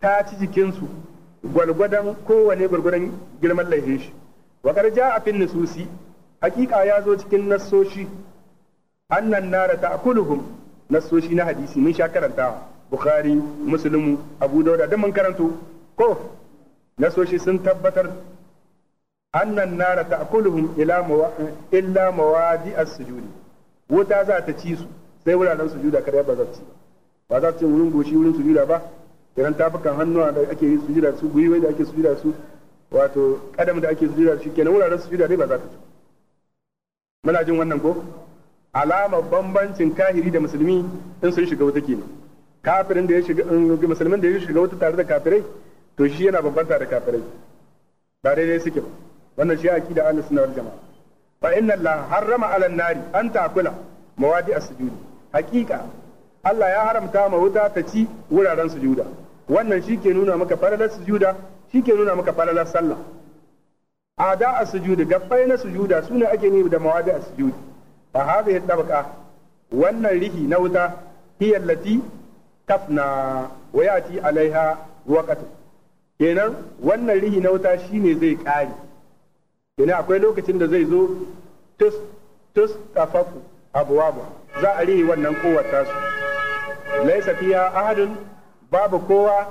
ta ci jikin su gwalgwadan kowane gwargwadon girman laifin shi wa qad ja'a fin nususi hakika ya zo cikin nassoshi annan nara ta'kuluhum nassoshi na hadisi mun sha karanta bukhari muslimu abu Dawud da mun karanto ko Nasoshi sun tabbatar annan nara ta'kuluhum ila illa mawadi as-sujud wuta za ta ci su sai wuraren sujuda kada ba za ci ba za su ci wurin goshi wurin sujuda ba idan tafukan hannuwa da ake yi sujuda su gwiwa da ake sujuda su wato kadam da ake sujuda su kenan wuraren sujuda dai ba za ta ci muna jin wannan ko alama bambancin kahiri da musulmi in sun shiga wata kenan kafirin da ya shiga musulmin da ya shiga wata tare da kafirai to shi yana bambanta da kafirai ba daidai suke ba wannan shi da ahlus sunna wal jamaa fa inna allaha harrama ala nari an ta'kula mawadi as-sujud haqiqa Allah ya haramta ma wuta ta ci wuraren sujuda wannan shi ke nuna maka falalar sujuda shi ke nuna maka falalar sallah ada a sujuda gabbai na sujuda su ne ake nufi da mawadi a sujudi fa hadhihi tabqa wannan rihi na wuta hiya allati tafna wa yati alaiha waqtu kenan wannan rihi na wuta shine zai kare yana akwai lokacin da zai zo tus tus tafaku abwabu za a rihi wannan kowar tasu laisa fiya ahadun babu kowa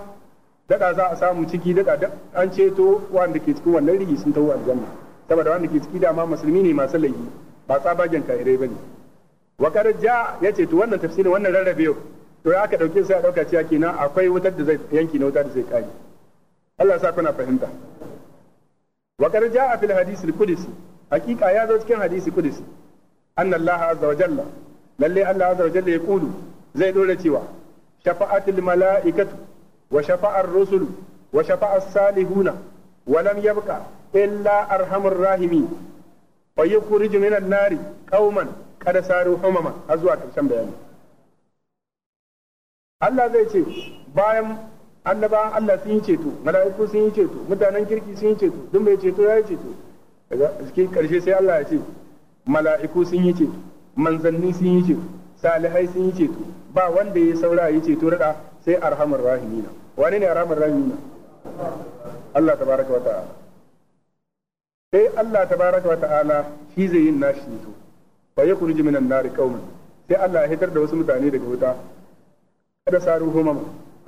daga za a samu ciki daga an ceto wanda ke cikin wannan rihi sun tawo aljanna saboda wanda ke ciki dama musulmi ne masu laifi ba tsabagen kahirai bane wakar ja ya ce to wannan tafsirin wannan rarrabe to ya aka dauke sai a dauka cewa kenan akwai wutar da zai yanki na wutar da zai kare Allah ya sa kuna fahimta wa qad jaa fil hadisi al-qudsi ya zo cikin hadisi qudsi anna Allah azza wa jalla zai dora cewa shafa'atul mala'ikatu wa shafa'ar rusulu wa shafa'ar salihuna wa lam yabqa illa arhamur nari qauman har zuwa karshen bayani Allah zai ce bayan annaba Allah sun yi ceto mala'iku sun yi ceto mutanen kirki sun yi ceto duk mai ceto ya yi ceto daga cikin karshe sai Allah ya ce mala'iku sun yi ceto manzanni sun yi ceto salihai sun yi ceto ba wanda ya saura ya ceto rada sai arhamar rahimina wani ne arhamar rahimina Allah tabaraka wa ta'ala sai Allah tabaraka wa ta'ala shi zai yin nashi ceto fa yakhruju minan nari qauman sai Allah ya hitar da wasu mutane daga wuta kada saru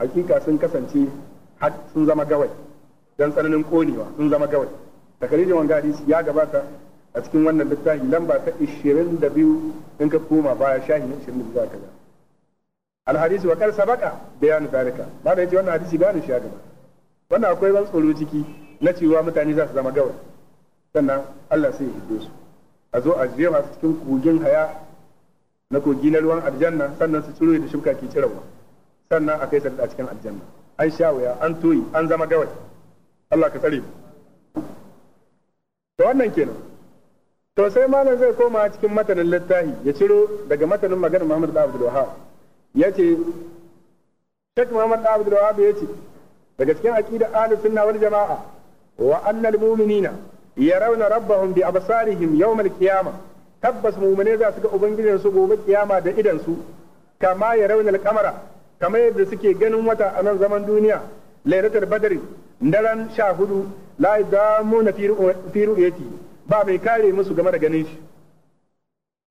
hakika sun kasance har sun zama gawai dan tsananin konewa sun zama gawai takarijin wanga hadisi ya gabata a cikin wannan littafin lamba ta 22 in ka koma baya shahin 22 za ka ga hadisi wa kar sabaka bayan zalika ba da yace wannan hadisi bayanin shi ya wannan akwai ban tsoro ciki na cewa mutane za su zama gawai sannan Allah sai ya hiddo su a zo a jefa su cikin kogin haya na kogi na ruwan aljanna sannan su ciro da shuka ke cirewa sannan a kai sa a cikin aljanna an sha wuya an toyi an zama gawai Allah ka tsare to wannan kenan to sai malam zai koma cikin matanin littafi ya ciro daga matanin maganar Muhammad Abdul Wahhab yace Sheikh Muhammad Abdul Wahhab yace daga cikin aqida ahlus sunna wal jamaa wa annal mu'minina yarawna rabbahum bi absarihim yawm al qiyamah tabbas mu'mine za su ga ubangijinsu gobe kiyama da idan su kama yarawna al qamara kamar yadda suke ganin wata a nan zaman duniya lairatar badari daren sha hudu la damu na firu ba mai kare musu game da ganin shi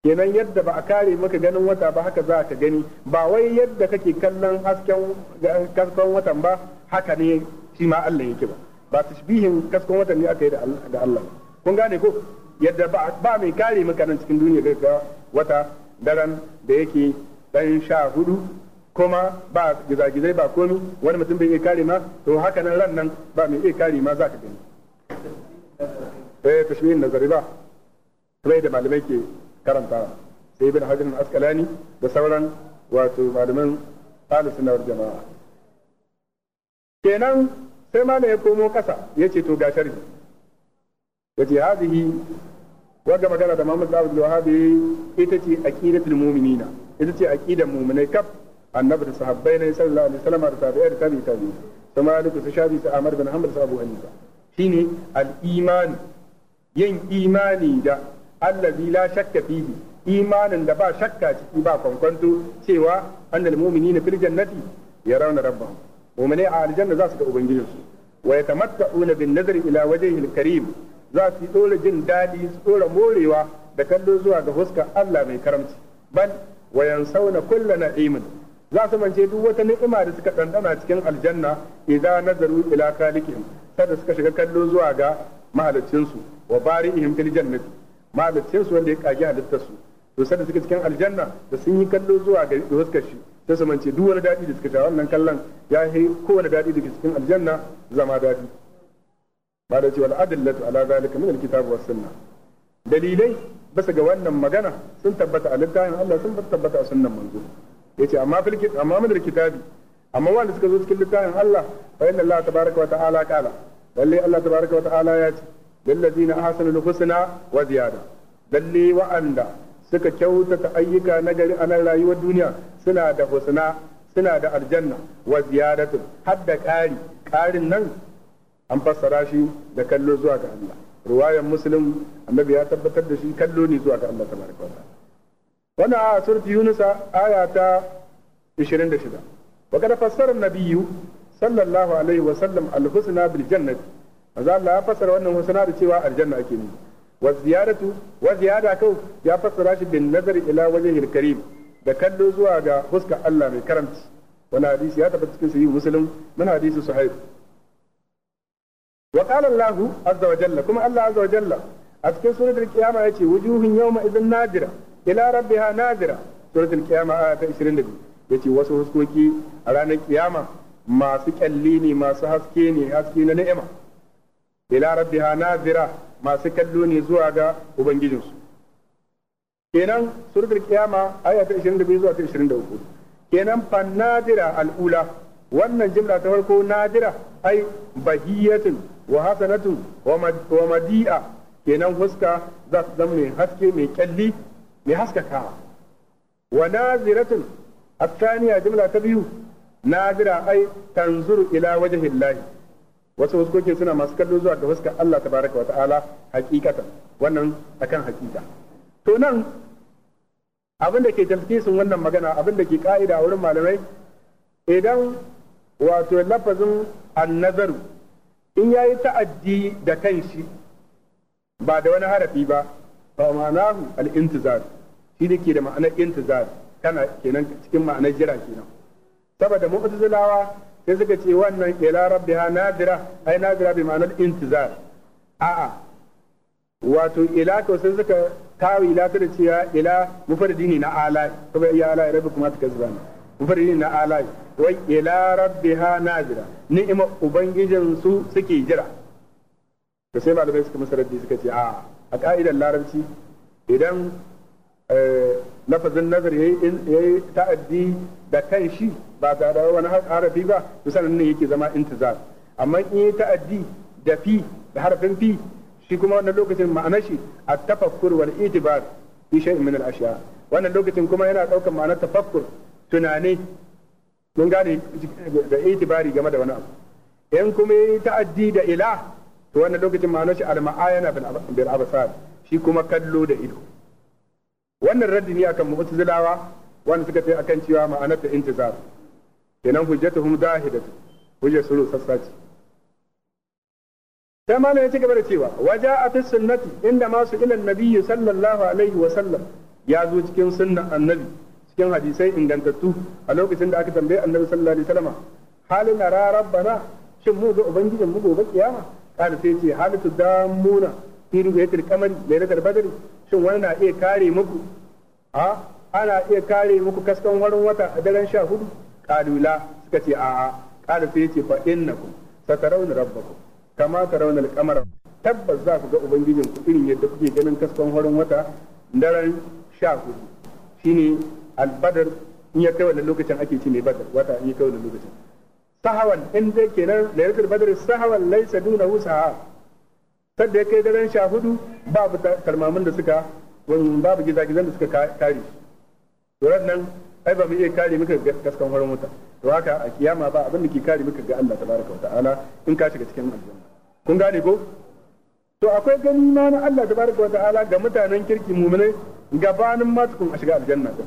kenan yadda ba a kare maka ganin wata ba haka za ka gani ba wai yadda kake kallon hasken kaskon watan ba haka ne shi ma Allah yake ba ba shibihin kaskon watan ne aka yi da Allah kun gane ko yadda ba mai kare maka nan cikin duniya ga wata daren da yake dan sha hudu kuma ba gizagizai ba komi wani mutum bai iya kare ma to haka nan ran nan ba mai iya kare ma za ka gani eh tashmihin nazari ba kamar da malamai ke karanta sai ibn hajar askalani da sauran wato malaman ahlus sunna jama'a kenan sai ma ya komo kasa ce to ga sharhi yace hadihi wadda magana da Muhammad Abdul Wahhab ita ce aqidatul mu'minina ita ce aqidan mu'minai kaf annabi da sahabbai ne sallallahu alaihi wasallam da tabi'ai da tabi'i tabi'i su maliku su shafi su amar bin hanbal su abu hanifa shine al-imani yin imani da allazi la shakka fihi imanin da ba shakka ciki ba kwankwanto cewa annal mu'minina fil jannati yarawna rabbahum mu'mini a aljanna za su ga ubangijinsu wa yatamatta'una bin nazari ila wajen al-karim za su dole jin daɗi su dole morewa da kallo zuwa ga huskar Allah mai karamci bal wa yansawna kullu na'imin za su mance duk wata ni'ima da suka ɗanɗana cikin aljanna idan nazaru ila khaliqihim sada suka shiga kallo zuwa ga su wa bari'ihim fil jannati su wanda ya kage halittar su to da suka cikin aljanna da sun yi kallo zuwa ga huskar shi sai su mance duk wani daɗi da suka ta wannan kallon ya yi kowane daɗi da cikin aljanna zama dadi ba da cewa al'adillatu ala zalika min alkitab was sunna dalilai bisa ga wannan magana sun tabbata a littafin Allah sun tabbata a sunnan manzo yace amma fil amma min kitabi amma wanda suka zo cikin littafin Allah fa inna Allah tabaaraka wa ta'ala qala lalle Allah tabaaraka wa ta'ala ya ce lillazina ahsanu husna wa ziyada lalle anda suka kyautata ayyuka na gari a nan rayuwar duniya suna da husna suna da aljanna wa ziyadatu har da ƙari ƙarin nan an fassara shi da kallo zuwa ga Allah ruwayan muslim annabi ya tabbatar da shi kallo ne zuwa ga Allah tabaaraka wa ta'ala wannan a surat yunus aya ta 26 wa fassarar fassara nabiyyu sallallahu alaihi wa sallam al-husna bil jannati manzo Allah ya fassara wannan husna da cewa aljanna ake nufi wa ziyaratu wa ziyada ya fassara shi bin nazar ila wajhil karim da kallo zuwa ga fuska Allah mai karamci wani hadisi ya tabbata cikin sahih muslim min hadisi sahih wa qala Allah azza wa jalla kuma Allah azza wa jalla a cikin suratul qiyama yace wujuhun yawma idhin nadira ila rabbiha nazira suratul qiyama aya ta 22 yace wasu huskoki a ranar kiyama masu kalli ne masu haske ne haske na ni'ima ila rabbiha nazira masu kallo ne zuwa ga ubangijinsu kenan suratul qiyama aya ta 22 zuwa ta 23 kenan fan nadira al'ula wannan jimla ta farko nadira ai bahiyatun wa hasanatun wa madi'a kenan huska za su zama mai haske mai kyalli mai haskaka wa naziratun الثانية جملة تبيو ناظرة أي تنظر إلى وجه الله wasu huskokin suna masu kallo zuwa ga fuskar Allah tabaraka wa ta'ala hakikatan wannan akan hakika to nan abin da ke tafkisin wannan magana abin da ke ka'ida a wurin malamai idan wato lafazin annazaru in yayi ta'addi da kanshi ba da wani harafi ba fa ma'anahu al-intizar shi ne ke da ma'anar intizar tana kenan cikin ma'anar jira kenan saboda mu'tazilawa sai suka ce wannan ila rabbiha nadira ai nadira bi ma'anar intizar a'a wato ila to sai suka ila ta da cewa ila mufardini na ala kuma ya ala rabbi kuma ne mufardini na ala wai ila rabbiha nadira ima ubangijin su suke jira to sai malamai suka masa suka ce a a ka'idar larabci idan Eh, lafazin nazar ya yi ta'addi da kan shi ba ga da wani harafi ba su sanan ne yake zama intizar amma in yi ta'addi da fi da harafin fi shi kuma wannan lokacin ma'anar shi a tafakkur wal itibar fi shay'in min al ashiya wannan lokacin kuma yana daukar ma'anar tafakkur tunani mun gane da itibari game da wani abu in kuma yi ta'addi da ila to wannan lokacin ma'anar shi al-ma'ayana bil absar shi kuma kallo da ido wannan raddi ne akan mu'tazilawa wanda suka ce akan cewa ma'anar ta intizar kenan hujjatuhum zahidatu hujjar sulu sassaci sai malam ya ci gaba da cewa waja a fi sunnati inda masu ilan nabiyyi sallallahu alaihi wa sallam ya zo cikin sunnan annabi cikin hadisai ingantattu a lokacin da aka tambaye annabi sallallahu alaihi wa wasallam halin ra rabbana shin mu ga ubangijin mu gobe kiyama kada sai ce halitu damuna fi ru'yatil qamari lailatul badri shin wani na iya kare muku a ana iya kare muku kaskan warin wata a daren sha hudu kalula suka ce a'a kada sai ce fa innakum satarawna rabbakum kama tarawna al tabbas za ku ga ubangijin ku irin yadda kuke ganin kaskan horon wata daren sha hudu shine albadar in ya kai wannan lokacin ake ci mai badar wata in ya kai wannan lokacin sahawan in dai kenan lailatul badr sahawan laysa dunahu sahawa sadda ya kai daren sha hudu babu kalmamin da suka babu gizagizan da suka kare duran nan ai ba mu iya kare muka ga kaskan farin wuta to haka a kiyama ba abin da ke kare muka ga Allah tabaraka wa ta'ala in ka shiga cikin aljanna kun gane ko to akwai gani na na Allah tabaraka wa ta'ala ga mutanen kirki mu'minai gabanin ma tukun a shiga aljanna din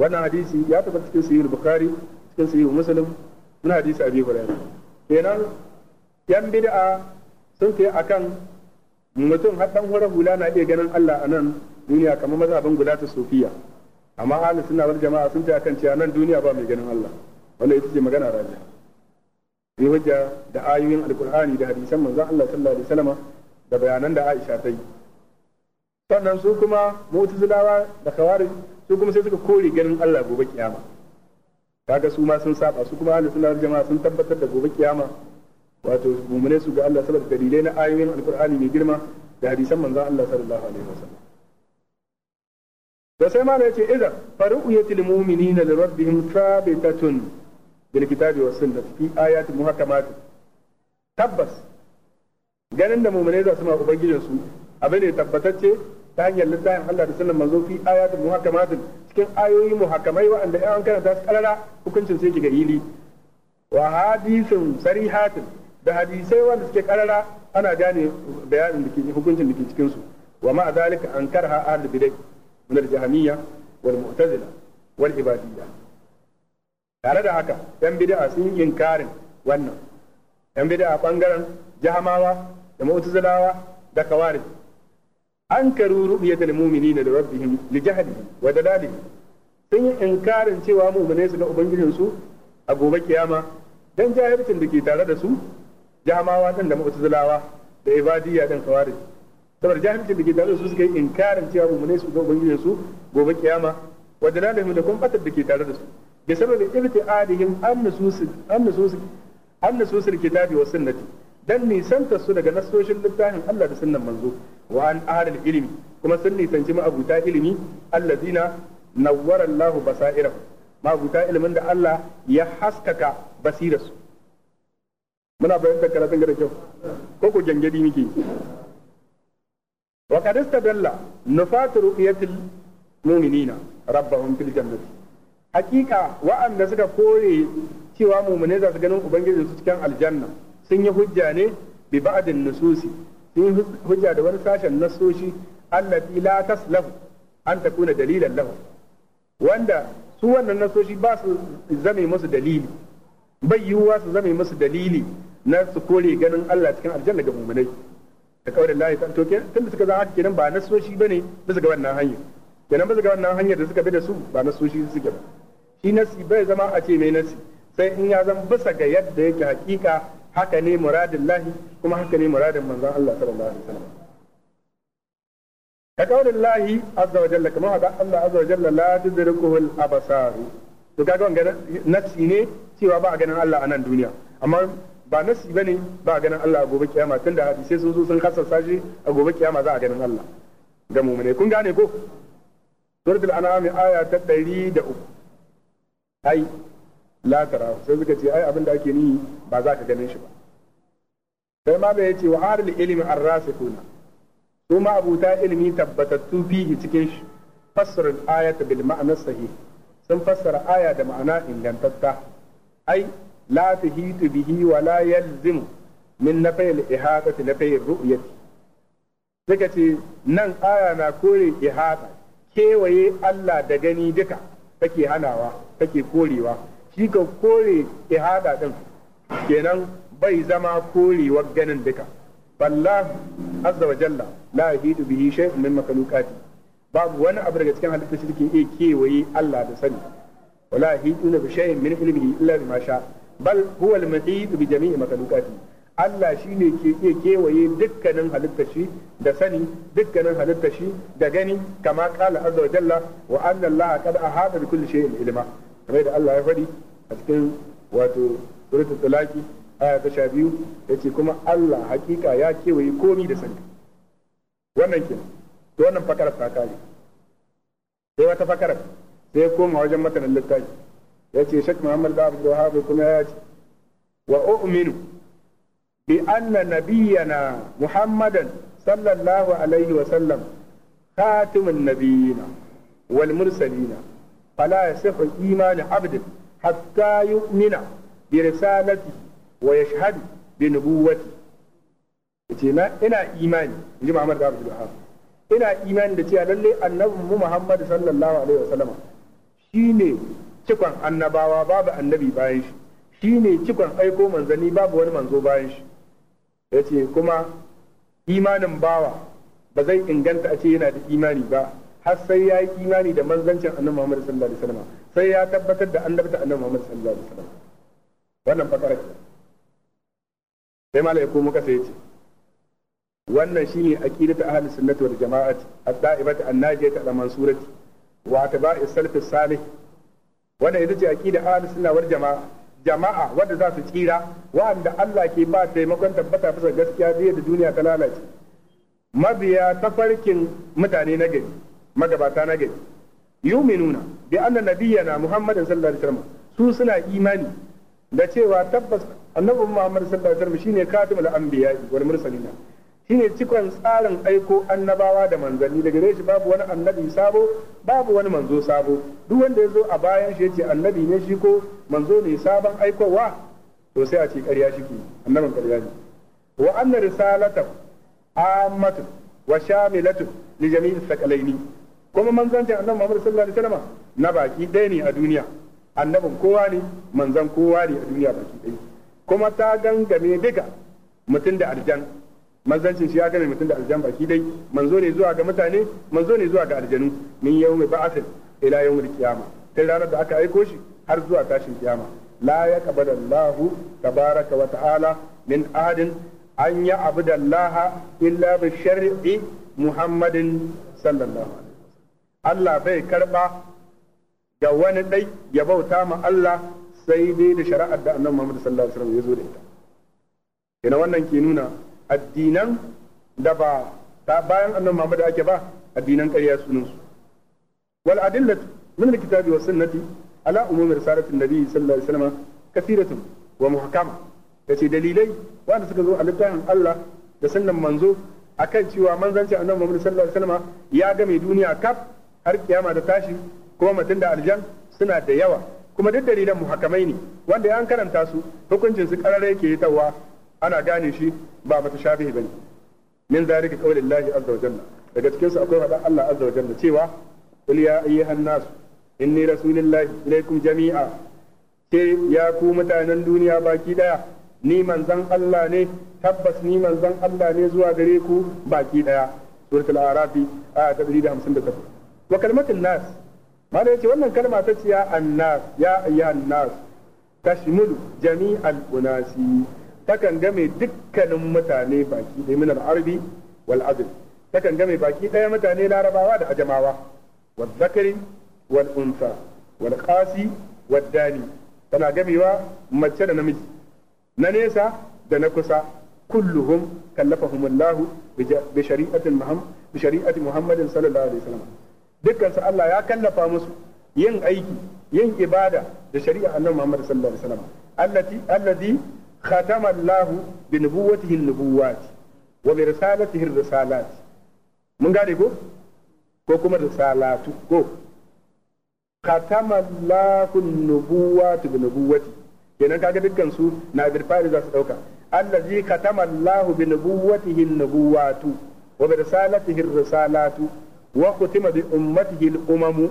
wannan hadisi ya tabbata cikin sahih bukhari cikin sahih muslim muna hadisi abi hurairah kenan yan bid'a sun kai akan mutum har dan horar hula na iya ganin Allah a nan duniya kamar mazhabin guda ta sufiya amma ahlus sunna wal jama'a sun ta kan cewa nan duniya ba mai ganin Allah wanda ita ce magana raja sai hujja da ayoyin alkur'ani da hadisan manzon Allah sallallahu alaihi wasallam da bayanan da Aisha ta yi sannan su kuma mu'tazilawa da khawarij su kuma sai suka kore ganin Allah gobe kiyama kaga su ma sun saba su kuma ahlus sunna wal jama'a sun tabbatar da gobe kiyama wato mumune su ga Allah sabab dalilai na ayoyin alkur'ani mai girma da hadisan manzon Allah sallallahu alaihi wasallam da sai ma yace idza faru'yatul mu'minina li rabbihim thabitatun bil kitabi was sunnah fi ayatin muhakamat tabbas ganin da mu'minai za su ma ubangijin su abin ne tabbatacce ta hanyar littafin Allah da sunan manzo fi ayatin muhakamat cikin ayoyi muhakamai waɗanda an karanta su karara hukuncin sai kiga hili wa hadisin sarihatin da hadisai wanda suke karara ana gane bayanin hukuncin da ke cikin su wa ma zalika an karha ahli bidai min al-jahmiyya wal mu'tazila wal ibadiyya tare da haka yan bid'a sun yi inkarin wannan yan bid'a bangaren jahamawa da mu'tazilawa da kawarij karu ru'yatul mu'minina da rabbihim li jahli wa dalali sun yi inkarin cewa mu'minai su ga ubangijinsu a gobe kiyama dan jahilcin da ke tare da su jamawa din da mu'tazilawa da ibadiyya din khawarij saboda jahilcin da ke tare su suka yi inkarin cewa mu'minai su ga ubangijin su gobe kiyama wa dalalihim da kuma batar da ke tare da su bi sababi ibtiadihim an nusus an nusus an kitabi wa sunnati dan nisanta su daga nasoshin littafin Allah da sunnan manzo wa an ahlul ilmi kuma sun nisanci ma'abuta ilimi zina nawwara Allahu basairahu ma'abuta ilimin da Allah ya haskaka basirarsu muna fahimtar karatun da kyau ko ko gangadi muke wa qad istadalla nufatu ru'yatil mu'minina rabbahum fil jannati hakika wa'anda suka kore cewa mu'mine za su ganin ubangijin su cikin aljanna sun yi hujja ne bi ba'din nususi sun yi hujja da wani sashen nasoshi allati la taslahu an takuna dalilan lahu wanda su wannan nasoshi ba su zame musu dalili bai yiwuwa su zame musu dalili na su kore ganin Allah cikin aljanna ga mu'minai da kaurin lahi kan toke tunda suka zama haka kenan ba na soshi bane su ga wannan hanyar kenan su ga wannan hanyar da suka bi da su ba na soshi suke ba shi nasi bai zama a ce mai nasi sai in ya zan bisa ga yadda yake hakika haka ne muradin lahi kuma haka ne muradin manzon Allah sallallahu alaihi wasallam ka kawai lahi azza wa jalla kamar haka Allah azza wa jalla la tudrikuhu al abasar to kaga wannan nasi ne cewa ba a ganin Allah a nan duniya amma ba nasi bane ba ganin Allah a gobe kiyama da hadisai sun zo sun shi a gobe kiyama za a ganin Allah ga mu'mine kun gane ko suratul an'am aya ta 103 ai la tara sai suka ce ai abin da ake ni ba za ka ganin shi ba sai ma bai ce wa aril ilmi arrasikuna su ma abuta ilmi tabbatattu fihi cikin shi fassara ayata bil ma'anar sahih sun fassara aya da ma'ana ingantatta ai la tuhitu bihi wa la yalzim min nafayil ihadati nafayil ru'yati suka ce nan aya na kore ihada kewaye Allah da gani duka take hanawa take korewa shi ka kore ihada din kenan bai zama korewar ganin duka balla azza wa jalla la yahidu bihi shay'un min makhluqati babu wani abu daga cikin halittar shi da ke iya kewaye Allah da sani wala yahiduna min ilmihi illa bima bal huwa al-muhit bi jami'i makhluqati Allah shi ne ke kewaye dukkanin halitta shi da sani dukkanin halitta shi da gani kama kala azza wa jalla wa anna Allah qad ahata bi kulli shay'in ilma kamar da Allah ya faɗi a cikin wato suratul talaqi aya ta sha biyu yace kuma Allah hakika ya kewaye komi da sani wannan kenan to wannan fakarar ta kare sai wata fakarar sai koma wajen matanin littafi yace ce shek muhammad da abdul wahab kuma yace ce wa u'minu bi anna nabiyyana muhammadan sallallahu alaihi wa sallam khatimun nabiyina wal mursalina fala yasihu imanu abdin hatta yu'mina bi risalati wa yashhadu bi nubuwwati yace na ina imani inji muhammad da abdul wahab ina imani da cewa lalle annabi muhammad sallallahu alaihi wa sallama shine cikon annabawa babu annabi bayan shi shi ne cikon aiko manzanni babu wani manzo bayan shi ya ce kuma imanin bawa ba zai inganta a ce yana da imani ba har sai ya yi imani da manzancin annabi Muhammad sallallahu alaihi wasallam sai ya tabbatar da annabta annabi Muhammad sallallahu alaihi wasallam wannan fakara ce sai malai ko muka sai ce wannan shine aqidatu ahli sunnati wal jama'ati at-da'ibati an-najiyati al-mansurati wa tabai salaf as-salih wanda ita ce aqida ahlus sunna wal jamaa jama'a wanda za su tsira wanda Allah ke ba taimakon tabbata bisa gaskiya zai da duniya ta lalace mabiya tafarkin mutane na gari magabata na gari yuminuna bi anna nabiyyana muhammadin sallallahu alaihi wasallam su suna imani da cewa tabbas annabi muhammad sallallahu alaihi wasallam shine katimul anbiya'i wal mursalin shine cikon tsarin aiko annabawa da manzanni daga gare shi babu wani annabi sabo babu wani manzo sabo duk wanda ya zo a bayan shi yace annabi ne shi ko manzo ne sabon aikowa to sai a ce ƙarya shike annabin ƙarya ne wa anna risalata ammatu wa shamilatu li jami'i thaqalaini kuma manzancin annabi Muhammad sallallahu alaihi wasallam na baki ɗaya ne a duniya annabin kowa ne manzan kowa ne a duniya baki ɗaya kuma ta gangame duka mutum da aljan manzancin shi ya gane mutum da aljanu baki dai manzo ne zuwa ga mutane manzo ne zuwa ga aljanu min ba'a ba'athin ila mai kiyama tun ranar da aka aiko shi har zuwa tashin kiyama la kabada Allahu tabaraka wa ta'ala min adin an ya Allaha, illa bi shar'i Muhammadin sallallahu alaihi Allah bai karba ga wani dai ya bauta ma Allah sai dai da shari'ar da Annabi Muhammad sallallahu alaihi wasallam ya zo da ita. Ina wannan ke nuna addinan da ba ta bayan annan Muhammad da ake ba addinan ƙarya sunan su wal adillatu min alkitabi wa sunnati ala umumi risalatin nabi sallallahu alaihi wasallam kathiratun wa muhkama ce dalilai wanda suka zo a littafin Allah da sunnan manzo akan cewa manzanci annabi Muhammad sallallahu alaihi wasallam ya game duniya kaf har kiyama da tashi kuma mutum da aljan suna da yawa kuma duk dalilan muhakamai ne wanda ya an karanta su hukuncin su karare ke yi tawa ana gane shi ba mata mutashabihi bane min zalika qaulillahi azza wa jalla daga cikin su akwai faɗan Allah azza wa jalla cewa qul ya ayyuhan nas inni rasulillahi ilaikum jami'a ke ya ku mutanen duniya baki daya ni manzon Allah ne tabbas ni manzon Allah ne zuwa gare ku baki daya suratul arafi aya ta 158 wa kalmatun nas ma yace wannan kalma ta ciya? ya annas ya ayyuhan nas tashmulu jami'al unasi takan game dukkanin mutane baki da minar arbi arabi wal adl takan game baki daya mutane larabawa da ajamawa wal zakari wal unsa wal qasi wal dani tana gamewa mace da namiji na nesa da na kusa kulluhum kallafahum Allah bi shari'atin Muhammad bi shari'ati Muhammadin sallallahu alaihi wasallam dukkan su Allah ya kallafa musu yin aiki yin ibada da shari'a Annabi Muhammad sallallahu alaihi wasallam allati allazi ختم الله بنبوته النبوات وبرسالته الرسالات من قال يقول كوكما رسالات كو ختم الله النبوات بنبوته kenan kaga dukkan su na birfari za su dauka allazi katama Allah bi nubuwwatihi nubuwatu wa bi risalatihi risalatu wa kutima bi ummatihi al-umamu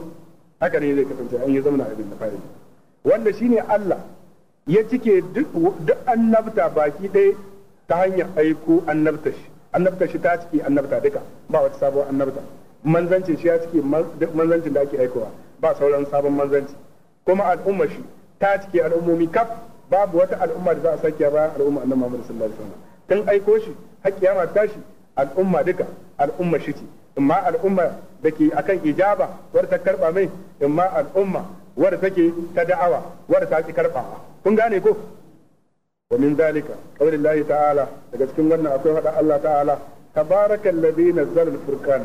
haka ne zai kasance an yi zamana abin da fari wanda shine Allah ya cike duk annabta baki ɗaya ta hanyar aiko annabta shi annabta shi ta cike annabta duka ba wata sabon annabta manzancin shi ya cike manzancin da ake aikowa ba sauran sabon manzanci kuma al'ummar shi ta cike al'ummomi kaf babu wata al'umma da za a sake bayan al'umma annabi Muhammad sallallahu alaihi wasallam tun aiko shi har kiyama ta shi al'umma duka al'umma shi ce amma al'umma da ke akan ijaba wadda ta karba mai amma al'umma wadda take ta da'awa wadda ta ci karbawa kun gane ko wa min zalika qaulillahi ta'ala daga cikin wannan akwai hada Allah ta'ala tabarakal ladhi nazzala al-furqan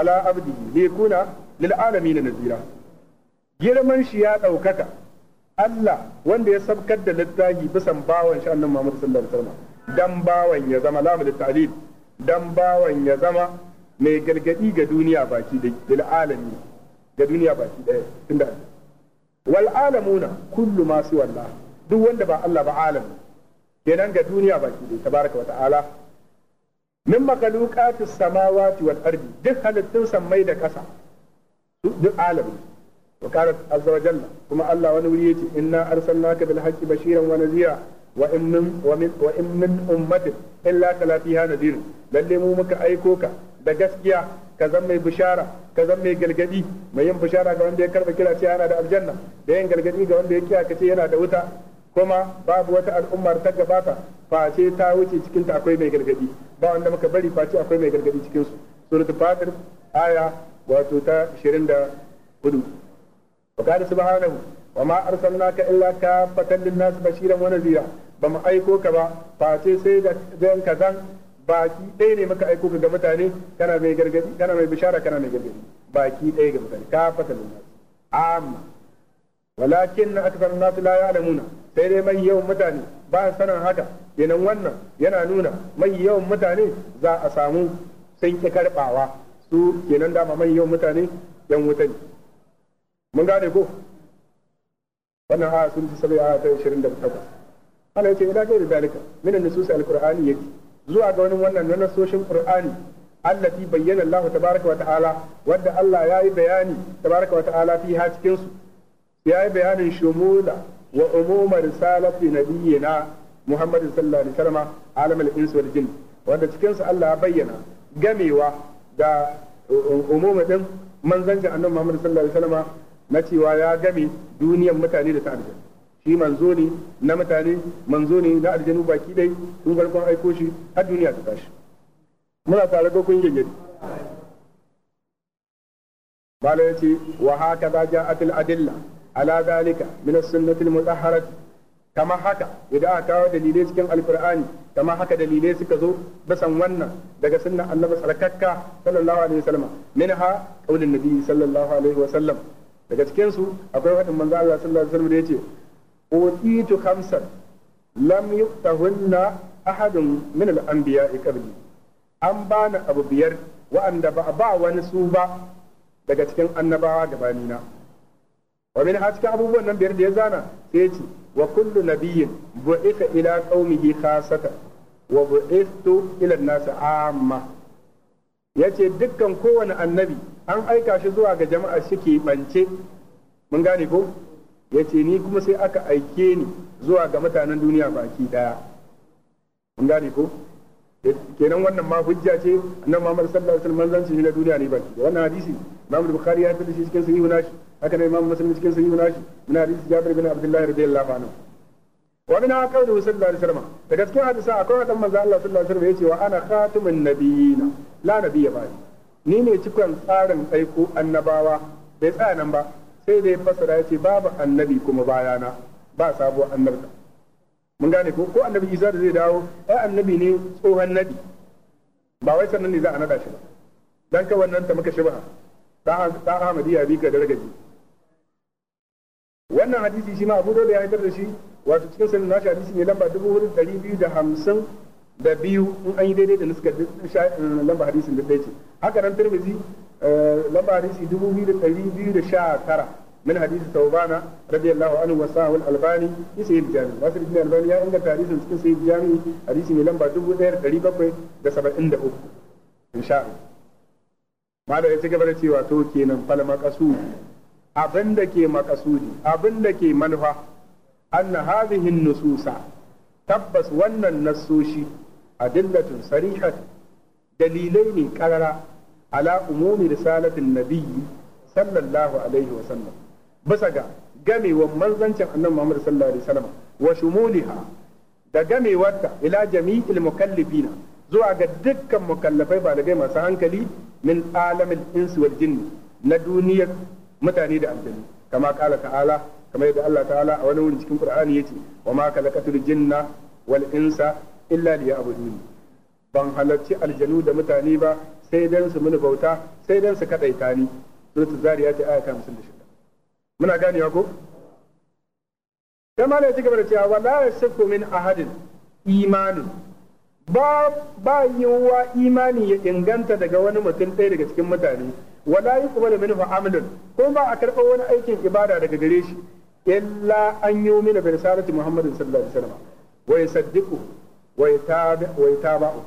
ala abdihi liyakuna lil alamin nazira girman shi ya daukaka Allah wanda ya sabkar da littafi bisan bawan shi annabi Muhammad sallallahu alaihi wasallam dan bawan ya zama lamul ta'lil dan bawan ya zama mai gargadi ga duniya baki da lil alamin ga duniya baki daya tunda Wal'alamu na kullu ma su wallah duk wanda ba Allah ba alam kenan ga duniya baki dai tabaraka wa ta'ala min makhluqatis samawati wal ardi duk halittun sammai da kasa duk alam wa qalat azza wa jalla kuma Allah wani wuri yace inna arsalnaka bil haqqi bashiran wa nadhira wa in min in ummatin illa kala fiha nadir lalle mu muka aiko ka da gaskiya ka zan mai bishara ka zan mai galgadi mai yin bishara ga wanda ya karba kira ce yana da aljanna da yin galgadi ga wanda ya kiya ce yana da wuta kuma babu wata al'ummar ta gabata face ta wuce cikin ta akwai mai gargadi ba wanda muka bari face akwai mai gargadi cikin su suratul fatir aya wato ta 24 wa qala subhanahu wa ma arsalnaka illa kafatan linnas bashiran wa nadhira ba mu aiko ka ba face sai da zan kazan baki ɗaya ne muka aiko ka ga mutane kana mai gargadi kana mai bishara kana mai gargadi baki ɗaya ga mutane kafatan linnas amma walakin na akthar nas la ya'lamuna sai dai mai yawan mutane ba sanin haka kenan wannan yana nuna mai yawan mutane za a samu sun ki karbawa su kenan dama mai yawan mutane yan wuta ne mun gane ko wannan ha sun ji sabai a ta 28 ana yace ila gairi dalika min an-nusus al-qur'ani yake zuwa ga wani wannan na nasoshin qur'ani allati bayyana Allah tabaraka wa ta'ala wadda Allah yayi bayani tabaraka wa ta'ala fi ha cikin su yayi bayanin shumula wa umuma risalati nabiyyina Muhammad sallallahu alaihi wasallam alam al-ins wal jinn wanda cikin su Allah ya bayyana gamewa da umuma din manzancin annabi Muhammad sallallahu alaihi wasallam na cewa ya game duniyar mutane da ta aljanu shi manzo ne na mutane manzo ne na aljanu baki dai tun farkon aiko shi har duniya ta tashi muna tare da kun gengedi bala ce wa haka ba ja'atul adilla ala zalika min as-sunnati kama haka idan aka kawo dalilai cikin alkur'ani kama haka dalilai suka zo basan wannan daga sunnan annabi sarkakka sallallahu alaihi wasallam minha qaulin nabi sallallahu alaihi wasallam daga cikin su akwai wadin manzo Allah sallallahu alaihi wasallam da yace utitu khamsan lam yuqtahunna ahadun min al-anbiya'i qabli an bani abu biyar wa'anda ba ba wani su ba daga cikin annabawa gabanina wa min ha cikin abubuwan nan biyar da ya zana sai yace wa kullu nabiyyin bu'itha ila qaumihi khasatan wa bu'ithtu ila an-nas amma ya ce dukkan kowane annabi an aika shi zuwa ga jama'a shi ke bance mun gane ko ya ce ni kuma sai aka aike ni zuwa ga mutanen duniya baki daya mun gane ko kenan wannan ma hujja ce annabi Muhammad sallallahu alaihi wasallam manzon shi na duniya ne baki da wannan hadisi Imam Bukhari ya fitar shi cikin sahihu nashi haka ne Imam Muslim cikin sahihu nashi muna hadisi Jabir bin Abdullah radiyallahu anhu wa min aqawlu sallallahu alaihi wasallam da gaskiya sa akwai wadan manzo Allah sallallahu alaihi wasallam yace wa ana khatimun nabiyina la nabiyya ba ni ne cikon tsarin aiko annabawa bai tsaya nan ba sai dai fasara ce babu annabi kuma bayana ba sabo annabta mun gane ko annabi Isa da zai dawo ai annabi ne tsohon nabi ba wai sannan ne za a nada shi ba dan ka wannan ta muka shi Ba da da Ahmadiyya bi ka dargaji wannan hadisi shi ma Abu Dawud ya hitar da shi wato cikin sanin nashi hadisi ne lamba dubu hudu ɗari biyu da hamsin da biyu in an yi daidai da nuska eh, lamba hadisin da ɗaya ce haka nan tirmizi eh, lamba hadisi dubu biyu da dari biyu da sha tara min hadisi taubana radiyallahu anhu wa sahul albani fi sayyid jami nasir ibn albani ya inganta hadisin cikin sayyid jami hadisi ne lamba dubu ɗaya da ɗari bakwai da saba'in da uku insha Allah mala ya ci gaba da cewa to kenan fal maqasud abin da ke maqasudi abin da ke manufa anna hadhihi nususa tabbas wannan nasoshi a adillatun sarihat dalilai ne karara ala umumi risalatin nabiyyi sallallahu alaihi wa sallam bisa ga gamewan manzancin annabi Muhammad sallallahu alaihi wa shumuliha da gamewarta ila Jami'in jami'il mukallifina zuwa ga dukkan mukallafai balagai masu hankali min alamin insi jini na duniyar mutane da aljanu kama kala ta'ala kamar yadda Allah ta'ala a wani wurin cikin Qur'ani yace wa ma khalaqatul jinna wal insa illa liya'budun ban halarci aljanu da mutane ba sai dan su muni bauta sai dan su kadaita ni suratul zariyat ayat 56 muna ganewa ko kamar da ci gaba da cewa wala min ahadin imanin ba ba yiwuwa imani ya inganta daga wani mutum ɗaya daga cikin mutane wala yuqbalu minhu amalun ko ba a karɓar wani aikin ibada daga gare shi illa an yi mina bai sarati muhammadin sallallahu alaihi wasallam wa yasaddiqu wa yataba'u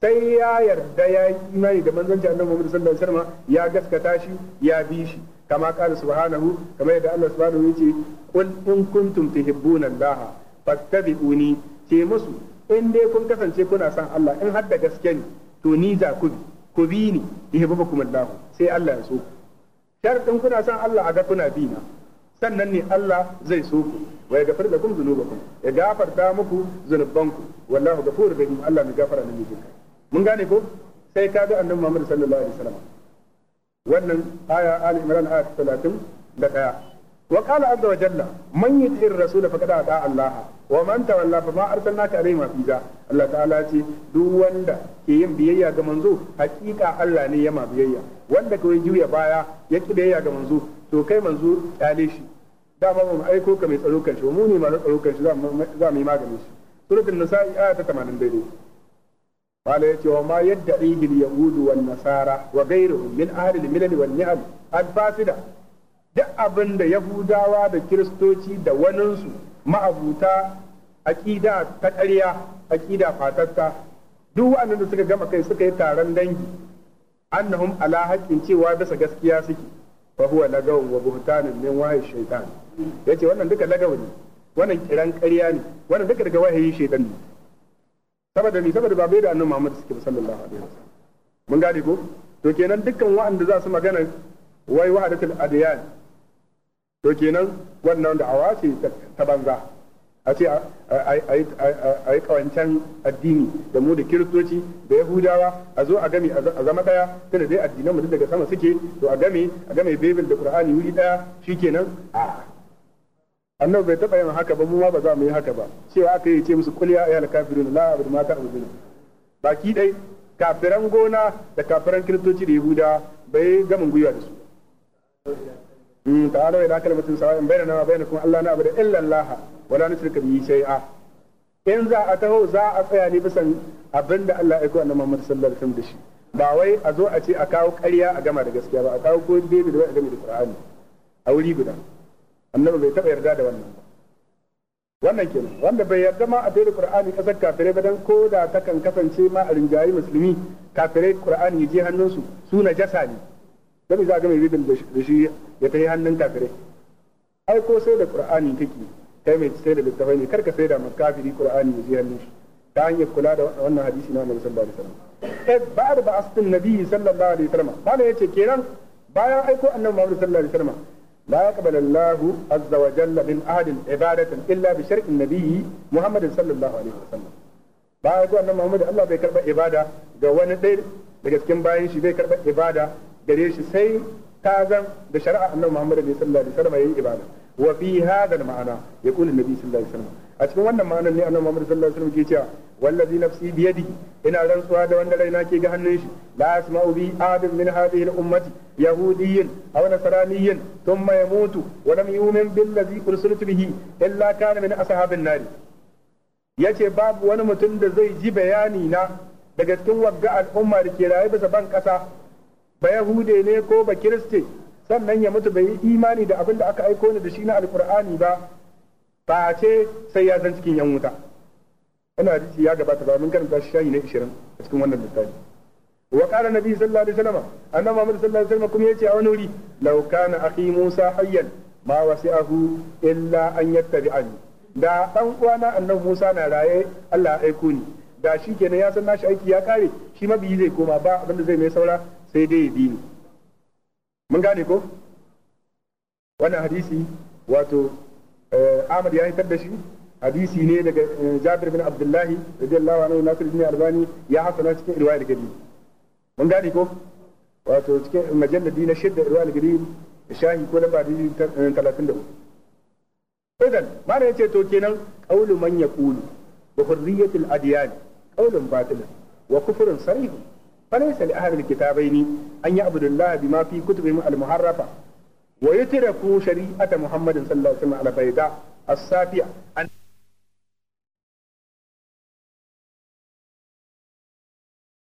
sai ya yarda ya yi imani da manzon annabi muhammad sallallahu alaihi wasallam ya gaskata shi ya bi shi kama qala subhanahu kama yadda Allah subhanahu yace qul in kuntum tuhibbuna allaha fattabi'uni ce musu in dai kun kasance kuna son Allah in hadda gaske ne to ni za ku bi ku bi ni yuhibbukum Allah sai Allah ya so sharɗin kuna son Allah a ga kuna bi na sannan ne Allah zai so ku wa ya gafar lakum zunubakum ya gafarta muku zunubanku wallahu ghafurur rahim Allah mai gafara ne mijinka mun gane ko sai ka ga annabi Muhammad sallallahu alaihi wasallam wannan aya Ali Imran aya 30 da daya wa qala azza wa jalla man yuti'ir rasul faqad ata Allah wa man tawalla fa ma arsalnaka alaihim fiza. Allah ta'ala ce duk wanda ke yin biyayya ga manzo hakika Allah ne ya ma biyayya wanda kawai juya baya ya ki biyayya ga manzo to kai manzo kyale shi dama mu aiko ka mai tsaro kan shi mu ne na tsaro kan shi za mu yi maganin shi suratul nisa'i aya ta 80 daidai قال يتي وما يدعيه اليهود والنصارى وغيرهم من أهل الملل والنعم الفاسدة duk abin da Yahudawa da Kiristoci da waninsu ma'abuta aƙida ta ƙarya aƙida fatatta duk waɗanda suka gama kai suka yi taron dangi annahum ala haƙƙin cewa bisa gaskiya suke fa huwa lagaw wa buhtanun min wahayi ya ce wannan duka lagaw ne wannan kiran karya ne wannan duka daga wahayi shaitan ne saboda ni saboda babu idanun da suke Muhammad suke sallallahu alaihi wasallam mun gane ko to kenan dukkan wa'anda za su magana wai wahadatul adiyan to kenan wannan da awa ce ta banza a ce a yi kawancen addini da mu da kiristoci da yahudawa a zo a gami a zama daya tana dai addinan mu daga sama suke to a game a gami bebel da qur'ani wuri daya shi shikenan a annabi bai taba yin haka ba mu ma ba za mu yi haka ba cewa aka yi ce musu qul ya ayyuhal kafirun la a'budu ma ta'budun baki dai kafiran gona da kafiran kiristoci da yahudawa bai gamin gwiwa da su تعالوا إلى كلمة سواء بيننا وبينكم ألا نعبد إلا الله ولا نشرك به شيئا in za a taho za a tsaya ne bisa abinda Allah ya ko annabi Muhammad sallallahu alaihi wasallam da shi ba wai a zo a ce a kawo ƙarya a gama da gaskiya ba a kawo ko daidai da wai a gama da Qur'ani a wuri guda annabi bai taba yarda da wannan ba wannan kenan wanda bai yarda ma a daidai Qur'ani kasar kafirai ba dan ko da ta kan kasance ma a rinjayi musulmi kafirai Qur'ani ya je hannunsu su jasa ne da me za ga mai bibin da shi ya kai hannun kafirai ai ko sai da qur'ani kake kai mai sai da littafai ne karka sai da makafiri qur'ani ya ji hannun shi ta hanyar kula da wannan hadisi na Annabi sallallahu alaihi wasallam kai eh, ba'd ba astin nabi sallallahu alaihi wasallam bana yace kenan bayan aiko Annabi Muhammad sallallahu alaihi wasallam la yaqbalu Allahu azza wa jalla min ahadin ibadatan illa bi shar'in nabiyyi Muhammad sallallahu alaihi wasallam bayan aiko Annabi Muhammad Allah bai karba ibada ga wani ɗaya daga cikin bayan shi bai karba ibada gare shi sai ta zan da shari'a annabi Muhammad sallallahu alaihi wasallam yayi ibada wa fi hada ma'ana ya kula nabi sallallahu alaihi wasallam a cikin wannan ma'anar ne annabi Muhammad sallallahu alaihi wasallam ke cewa wallazi nafsi bi yadi ina rantsuwa da wanda raina ke ga hannun shi la asma'u bi adam min hadhihi al-ummati yahudiyyin aw nasraniyyin thumma yamutu wa lam yu'min billazi ursiltu bihi illa kana min ashabin nari yace babu wani mutum da zai ji bayani na daga cikin wagga al'umma da ke raye bisa ban kasa ba yahude ne ko ba kiriste sannan ya mutu bai yi imani da abin da aka aiko ni da shi na alkur'ani ba ba a ce sai ya san cikin yan wuta ina ya gabata ba mun karanta shi shayi na ishirin a cikin wannan littafi wa qala nabi sallallahu alaihi wasallam annabi muhammad sallallahu alaihi wasallam kuma yace a wani wuri law kana akhi musa hayyan ma wasi'ahu illa an yattabi'ani da dan uwana annabi musa na raye Allah ya aiko ni da shi kenan ya san nashi aiki ya kare shi mabiyi zai koma ba abinda zai mai saura sai dai ya bi ni mun gane ko wannan hadisi wato eh, Ahmad ya hitar da shi hadisi ne daga eh, Jabir bin Abdullahi radiyallahu anhu Nasir bin Albani ya hasana cikin riwaya da gari mun gane ko wato cikin majalladi na shidda riwaya da gari shahi ko lamba eh, talatin da hudu idan mana ce to kenan qaulu man yaqulu bi hurriyatil adyan qaulun batil wa kufrun sarih فليس لأهل الكتابين أن يعبدوا الله بما في كتبهم المحرفة ويتركوا شريعة محمد صلى الله عليه وسلم على بيداء السافية